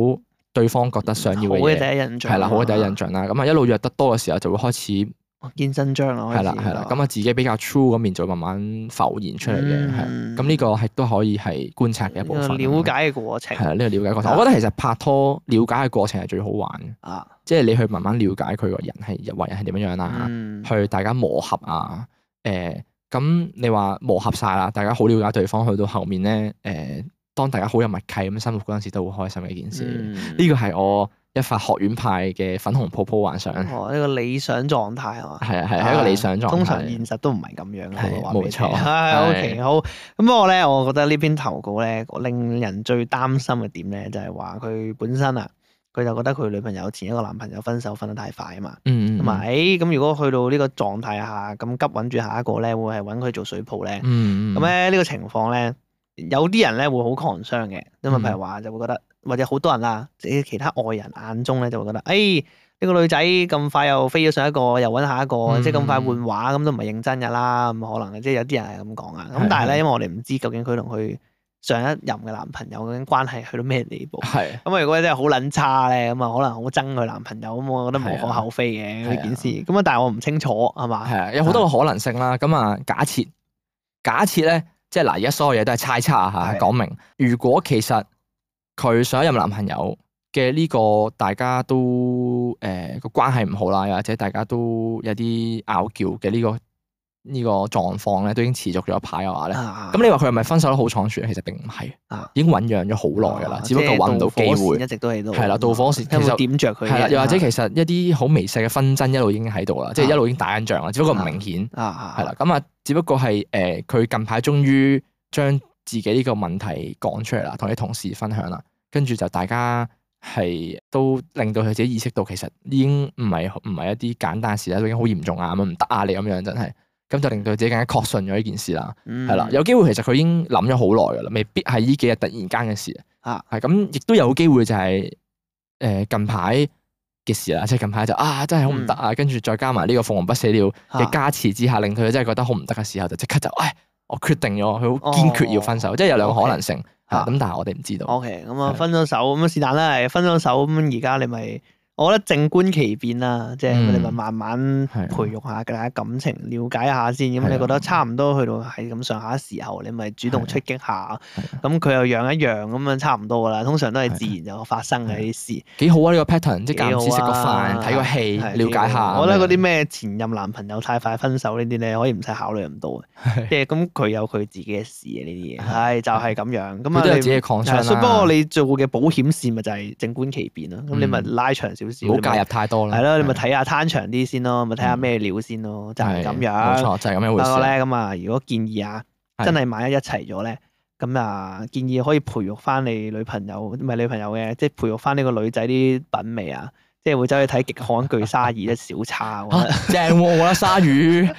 對方覺得想要嘅嘢，好嘅第一印象，係啦，好嘅第一印象啦，咁啊一路約得多嘅時候就會開始。見真章咯，係啦係啦，咁啊自己比較 true 嗰面就慢慢浮現出嚟嘅，係、嗯，咁呢、這個係都可以係觀察嘅一部分，了解嘅過程，係呢、這個了解過程。啊、我覺得其實拍拖了解嘅過程係最好玩啊，即係你去慢慢了解佢個人係為人係點樣樣啦，嗯、去大家磨合啊，誒、呃，咁你話磨合晒啦，大家好了解對方，去到後面咧，誒、呃，當大家好有默契咁生活嗰陣時，都好開心嘅一件事，呢、嗯、個係我。一發學院派嘅粉紅泡泡幻想。哦，呢個理想狀態係嘛？係啊係，係一個理想狀態。啊、狀態通常現實都唔係咁樣嘅。冇錯、啊，係、哎、OK 好。咁不過咧，我覺得呢篇投稿咧，令人最擔心嘅點咧，就係話佢本身啊，佢就覺得佢女朋友前一個男朋友分手分得太快啊嘛。嗯同、嗯、埋，咁、哎、如果去到呢個狀態下，咁急揾住下一個咧，會係揾佢做水泡咧。咁咧呢個情況咧，有啲人咧會好狂傷嘅，因為譬如話就會覺得。或者好多人啊，其他外人眼中咧就會覺得，誒呢個女仔咁快又飛咗上一個，又搵下一個，嗯，即係咁快換畫咁都唔係認真嘅啦，咁可能即係有啲人係咁講啊。咁，係啊，但係咧，因為我哋唔知究竟佢同佢上一任嘅男朋友究竟關係去到咩地步，係咁，係啊，嗯，如果真係好撚差咧，咁啊可能好憎佢男朋友咁，我覺得無可厚非嘅，係啊，呢件事。咁啊，係啊，但係我唔清楚係嘛？係啊，有好多個可能性啦。咁啊，假設假設咧，即係嗱，而家所有嘢都係猜測啊吓。講明，如果其實。佢上一任男朋友嘅呢個大家都誒個、呃、關係唔好啦，又或者大家都有啲拗撬嘅呢個呢、這個狀況咧，都已經持續咗一排嘅話咧，咁、啊啊、你話佢係咪分手得好倉促？其實並唔係，啊啊已經醞釀咗好耐噶啦，只不過揾唔到機會。一直都喺度。係啦，導火線有有其實點着佢。係啦，又或者其實一啲好微細嘅紛爭一路已經喺度啦，啊啊即係一路已經打緊仗啦，只不過唔明顯、啊。啊啊。係啦，咁啊，只不過係誒，佢、呃、近排終於將。自己呢個問題講出嚟啦，同啲同事分享啦，跟住就大家係都令到佢自己意識到，其實已經唔係唔係一啲簡單事啦，已經好嚴重啊，咁樣唔得啊，你咁樣真係，咁就令到自己更加確信咗呢件事啦，係啦，嗯，有機會其實佢已經諗咗好耐噶啦未必係呢幾日突然間嘅事，係咁亦都有機會就係、是、誒、呃、近排嘅事啦，即係近排就啊真係好唔得啊，嗯、跟住再加埋呢個鳳凰不死鳥嘅加持之下，令佢真係覺得好唔得嘅時候，就即刻就誒。唉我決定咗，佢好堅決要分手，哦、即係有兩個可能性嚇，咁、哦 okay, 但係我哋唔知道。O K，咁啊 okay、嗯、分咗手，咁是但啦，係分咗手，咁而家你咪。我覺得靜觀其變啦，即係我哋咪慢慢培育下大家感情，了解下先。咁你覺得差唔多去到係咁上下嘅時候，你咪主動出擊下。咁佢又讓一樣，咁樣差唔多噶啦。通常都係自然就發生嘅啲事。幾好啊！呢個 pattern，即係夾好。食個飯睇個戲了解下。我覺得嗰啲咩前任男朋友太快分手呢啲咧，可以唔使考慮咁多。即係咁佢有佢自己嘅事啊，呢啲嘢係就係咁樣。咁都係自己抗出啦。不過你做嘅保險事咪就係靜觀其變咯。咁你咪拉長少。唔好介入太多啦，係咯。吧，的你咪睇下攤長啲先咯，咪睇下咩料先咯，的就係咁樣。冇錯，就係、是咁樣回事。得咧，咁啊，如果建議啊，真係萬一一齊咗咧，咁啊的，建議可以培育翻你女朋友，唔係女朋友嘅，即係培育翻呢個女仔啲品味啊。即係會走去睇極寒巨鯊魚一小差正喎，我覺得、啊、我鯊魚，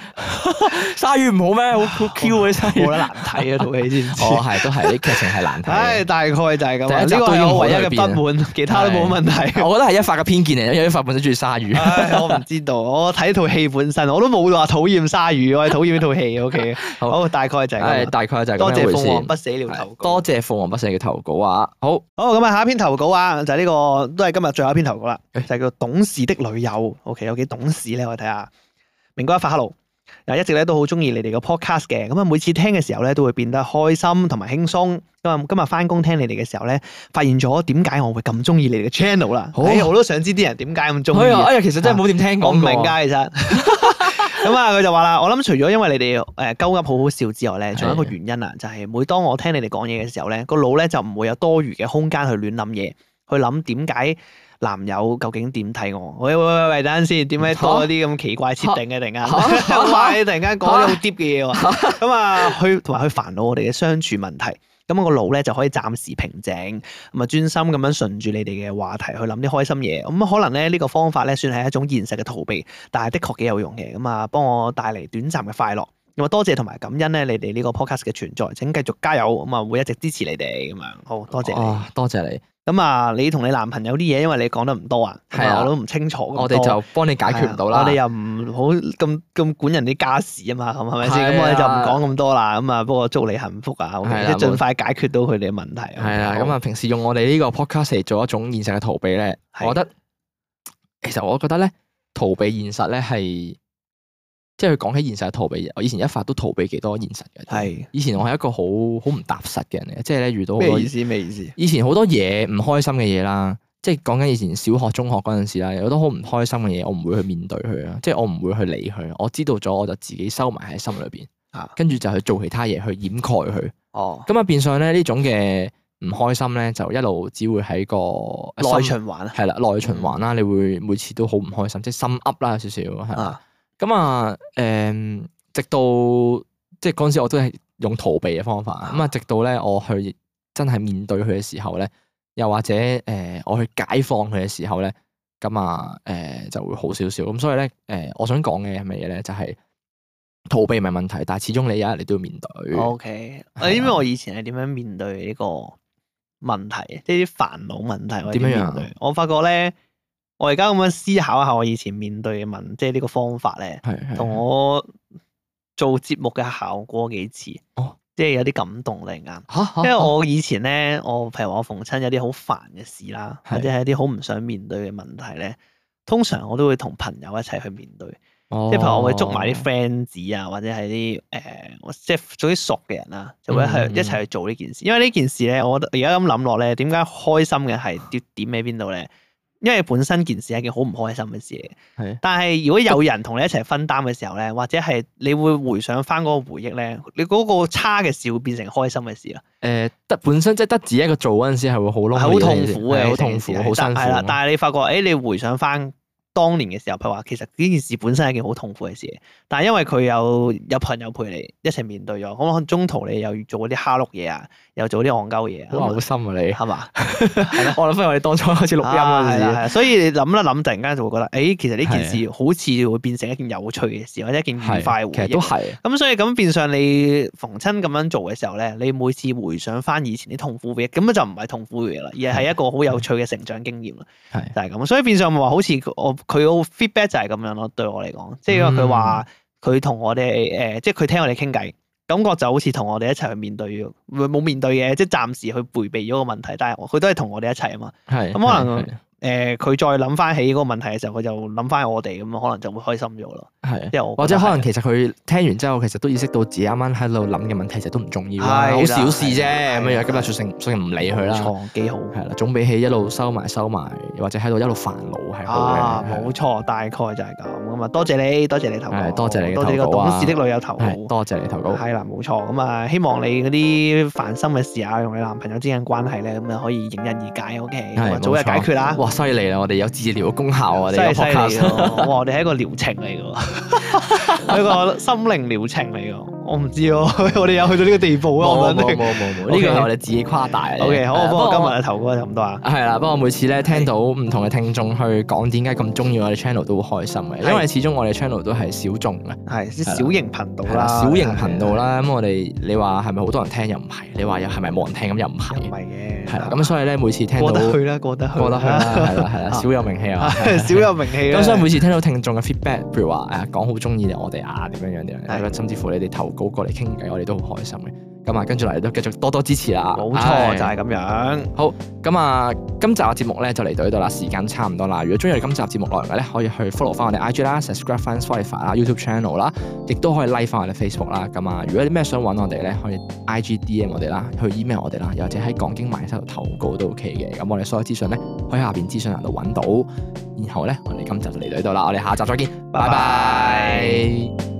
鯊魚唔好咩？好 Q 啊，鯊魚，得難睇啊，套戲先， 哦，係都係啲劇情係難睇，唉、 哎，大概就係咁啦。呢個係我唯一嘅不滿，其他都冇問題。我覺得係一發嘅偏見嚟，因為一發本身中意鯊魚。 哎、我唔知道，我睇套戲本身，我都冇話討厭鯊魚，我係討厭呢套戲。O、okay? K， 好，好，大概就係咁、哎。大概就係咁。多謝鳳凰不死鳥投稿，多謝鳳凰不死嘅投稿啊！好好咁啊，下一篇投稿啊，就係呢個都係今日最後一篇投稿啦。個懂事的女友，OK，有幾懂事咧？我睇下，明哥發下路，嗱，一直咧都好中意你哋個 podcast 嘅，咁啊，每次聽嘅時候咧，都會變得開心同埋輕鬆。咁啊，今日翻工聽你哋嘅時候咧，發現咗點解我會咁中意你哋嘅 channel 啦？好、哦哎，我都想知啲人點解咁中意。哎呀，其實真係冇點聽過、啊，我唔明噶，其實咁啊，佢就話啦，我諗除咗因為你哋誒勾噏好好笑之外咧，仲有一個原因啊，就係每當我聽你哋講嘢嘅時候咧，個腦咧就唔會有多餘嘅空間去亂諗嘢，去諗點解。男友究竟點睇我？喂喂喂喂，等陣先，點解多啲咁奇怪設定嘅、啊、突然間，好快突然間講啲好 deep 嘅嘢喎？咁啊，去同埋去煩惱我哋嘅相處問題，咁我個腦咧就可以暫時平靜，咁啊專心咁樣順住你哋嘅話題去諗啲開心嘢。咁可能咧，呢個方法咧算係一種現實嘅逃避，但係的確幾有用嘅。咁啊，幫我帶嚟短暫嘅快樂。咁啊，多謝同埋感恩咧，你哋呢個 podcast 嘅存在，請繼續加油，咁啊會一直支持你哋咁樣。好多謝你，多謝你。咁啊、哦，你同你男朋友啲嘢，因為你講得唔多啊，係啊我都唔清楚。我哋就幫你解決唔到啦。我哋又唔好咁咁管人啲家事啊嘛，咁係咪先？咁、啊、我哋就唔講咁多啦。咁啊，不過祝你幸福啊，即係盡快解決到佢哋嘅問題。係、okay？啊，咁啊好，平時用我哋呢個 podcast 嚟做一種現實嘅逃避咧的，我覺得其實我覺得咧，逃避現實咧係。即係佢講起現實逃避，我以前一發都逃避幾多現實嘅。係，以前我係一個好好唔踏實嘅人嚟，即係咧遇到咩意思咩意思？意思以前好多嘢，唔開心嘅嘢啦，即係講緊以前小學、中學嗰陣時啦，有好多好唔開心嘅嘢，我唔會去面對佢啊，即係我唔會去理佢。我知道咗我就自己收埋喺心裏邊，跟住，啊，就去做其他嘢去掩蓋佢。哦，咁啊，變相咧呢種嘅唔開心咧，就一路只會喺個內循環啊，係啦，內循環啦，你會每次都好唔開心，即係心噏啦少少係咁啊，誒、嗯，直到即係嗰陣時，我都係用逃避嘅方法。咁啊，直到咧，我去真係面對佢嘅時候咧，又或者誒、呃，我去解放佢嘅時候咧，咁、嗯、啊，誒、呃、就會好少少。咁所以咧，誒、呃，我想講嘅係乜嘢咧，就係逃避唔係問題，但係始終你有一日你都要面對。O K，你因為我以前係點樣面對呢個問題，即係啲煩惱問題我，點樣樣、啊？我發覺咧。我而家咁樣思考一下，我以前面對嘅問，即係呢個方法咧，同是是 我做節目嘅效果幾似，哦，即係有啲感動嚟噶。吓因為我以前咧，我譬如話我逢親有啲好煩嘅事啦，或者係一啲好唔想面對嘅問題咧，是 通常我都會同朋友一齊去面對，哦、即係朋友會捉埋啲 friend 子啊，或者係啲誒，即係做啲熟嘅人啦、啊，就會係一齊去做呢件事。嗯嗯，因為呢件事咧，我覺得而家咁諗落咧，點解開心嘅係點點喺邊度咧？因為本身件事係件好唔開心嘅事，係的。但係如果有人同你一齊分擔嘅時候咧，或者係你會回想翻嗰個回憶咧，你嗰個差嘅事會變成開心嘅事啦。誒、呃，得本身即係得自己一個做嗰陣時係會好，係好痛苦嘅，好痛苦，好辛苦，係啦，但係你發覺，誒、哎，你回想翻當年嘅時候，譬如話，其實呢件事本身係件好痛苦嘅事，但係因為佢有有朋友陪你一齊面對咗，可能中途你又要做啲蝦碌嘢啊。又做啲戇鳩嘢，好冇心啊你吧！你係嘛？係咯，我諗翻我哋當初開始錄音嗰陣時，所以你諗一諗，突然間就會覺得，誒、欸，其實呢件事好似會變成一件有趣嘅事，的或者一件愉快回憶。都係。咁所以咁變相你逢親咁樣做嘅時候咧，你每次回想翻以前啲痛苦嘅嘢，咁樣就唔係痛苦嘅嘢啦，而係一個好有趣嘅成長經驗啦。係的，的就係咁。所以變相話好似我佢嘅 feedback 就係咁樣咯，對我嚟講，就是呃，即係佢話佢同我哋誒，即係佢聽我哋傾偈。感覺就好似同我哋一齊去面對，冇冇面對嘅，即係暫時去回避咗個問題。但係佢都係同我哋一齊啊嘛，咁是 可能。是是是誒，佢再諗翻起嗰個問題嘅時候，佢就諗翻我哋，咁可能就會開心咗咯。係，或者可能其實佢聽完之後，其實都意識到自己啱啱喺度諗嘅問題，其實都唔重要，係好小事啫。咁樣今日就成，所以唔理佢啦。錯幾好，係啦，總比起一路收埋收埋，或者喺度一路煩惱係好冇錯，大概就係咁啊，多謝你，多謝你投稿，多謝你投稿懂事的女友投稿，多謝你投稿。係啦，冇錯，咁啊，希望你嗰啲煩心嘅事啊，同你男朋友之間關係咧，咁啊可以迎刃而解。O K，早日解決啦。犀利啦！我哋有治療嘅功效啊！真係犀利，哇！我哋係一個療程嚟嘅，一個心靈療程嚟嘅。我唔知啊，我哋有去到呢個地步啊！我唔肯定。冇冇冇，呢個係我哋自己誇大啦。OK，好，不過今日嘅頭哥陣咁多啊。係啦，不過每次咧聽到唔同嘅聽眾去講點解咁中意我哋 channel 都好開心嘅，因為始終我哋 channel 都係小眾嘅，係小型頻道啦，小型頻道啦。咁我哋你話係咪好多人聽又唔係？你話又係咪冇人聽咁又唔係？唔係嘅，係啦。咁所以咧，每次聽到過得去啦，過得去啦。係啦，係啦， 少有名氣啊， 少有名氣。咁所以每次聽到聽眾嘅 feedback，譬如話誒講好中意啊，我哋啊點樣點樣， 甚至乎你哋投稿過嚟傾偈，我哋都好開心嘅咁啊，跟住嚟都繼續多多支持啦，冇錯錯、哎、就係咁樣。好，咁啊，今集嘅節目咧就嚟到呢度啦，時間差唔多啦。如果中意今集節目內容嘅咧，可以去 follow 翻我哋 IG 啦，subscribe 翻 Spotify 啦，YouTube channel 啦，亦都可以 like 翻我哋 Facebook 啦。咁啊，如果你咩想揾我哋咧，可以 IG DM 我哋啦，去 email 我哋啦，又或者喺講經萬應室度投稿都 OK 嘅。咁我哋所有資訊咧，可以喺下邊資訊欄度揾到。然後咧，我哋今集就嚟到呢度啦，我哋下集再見，拜拜。拜拜。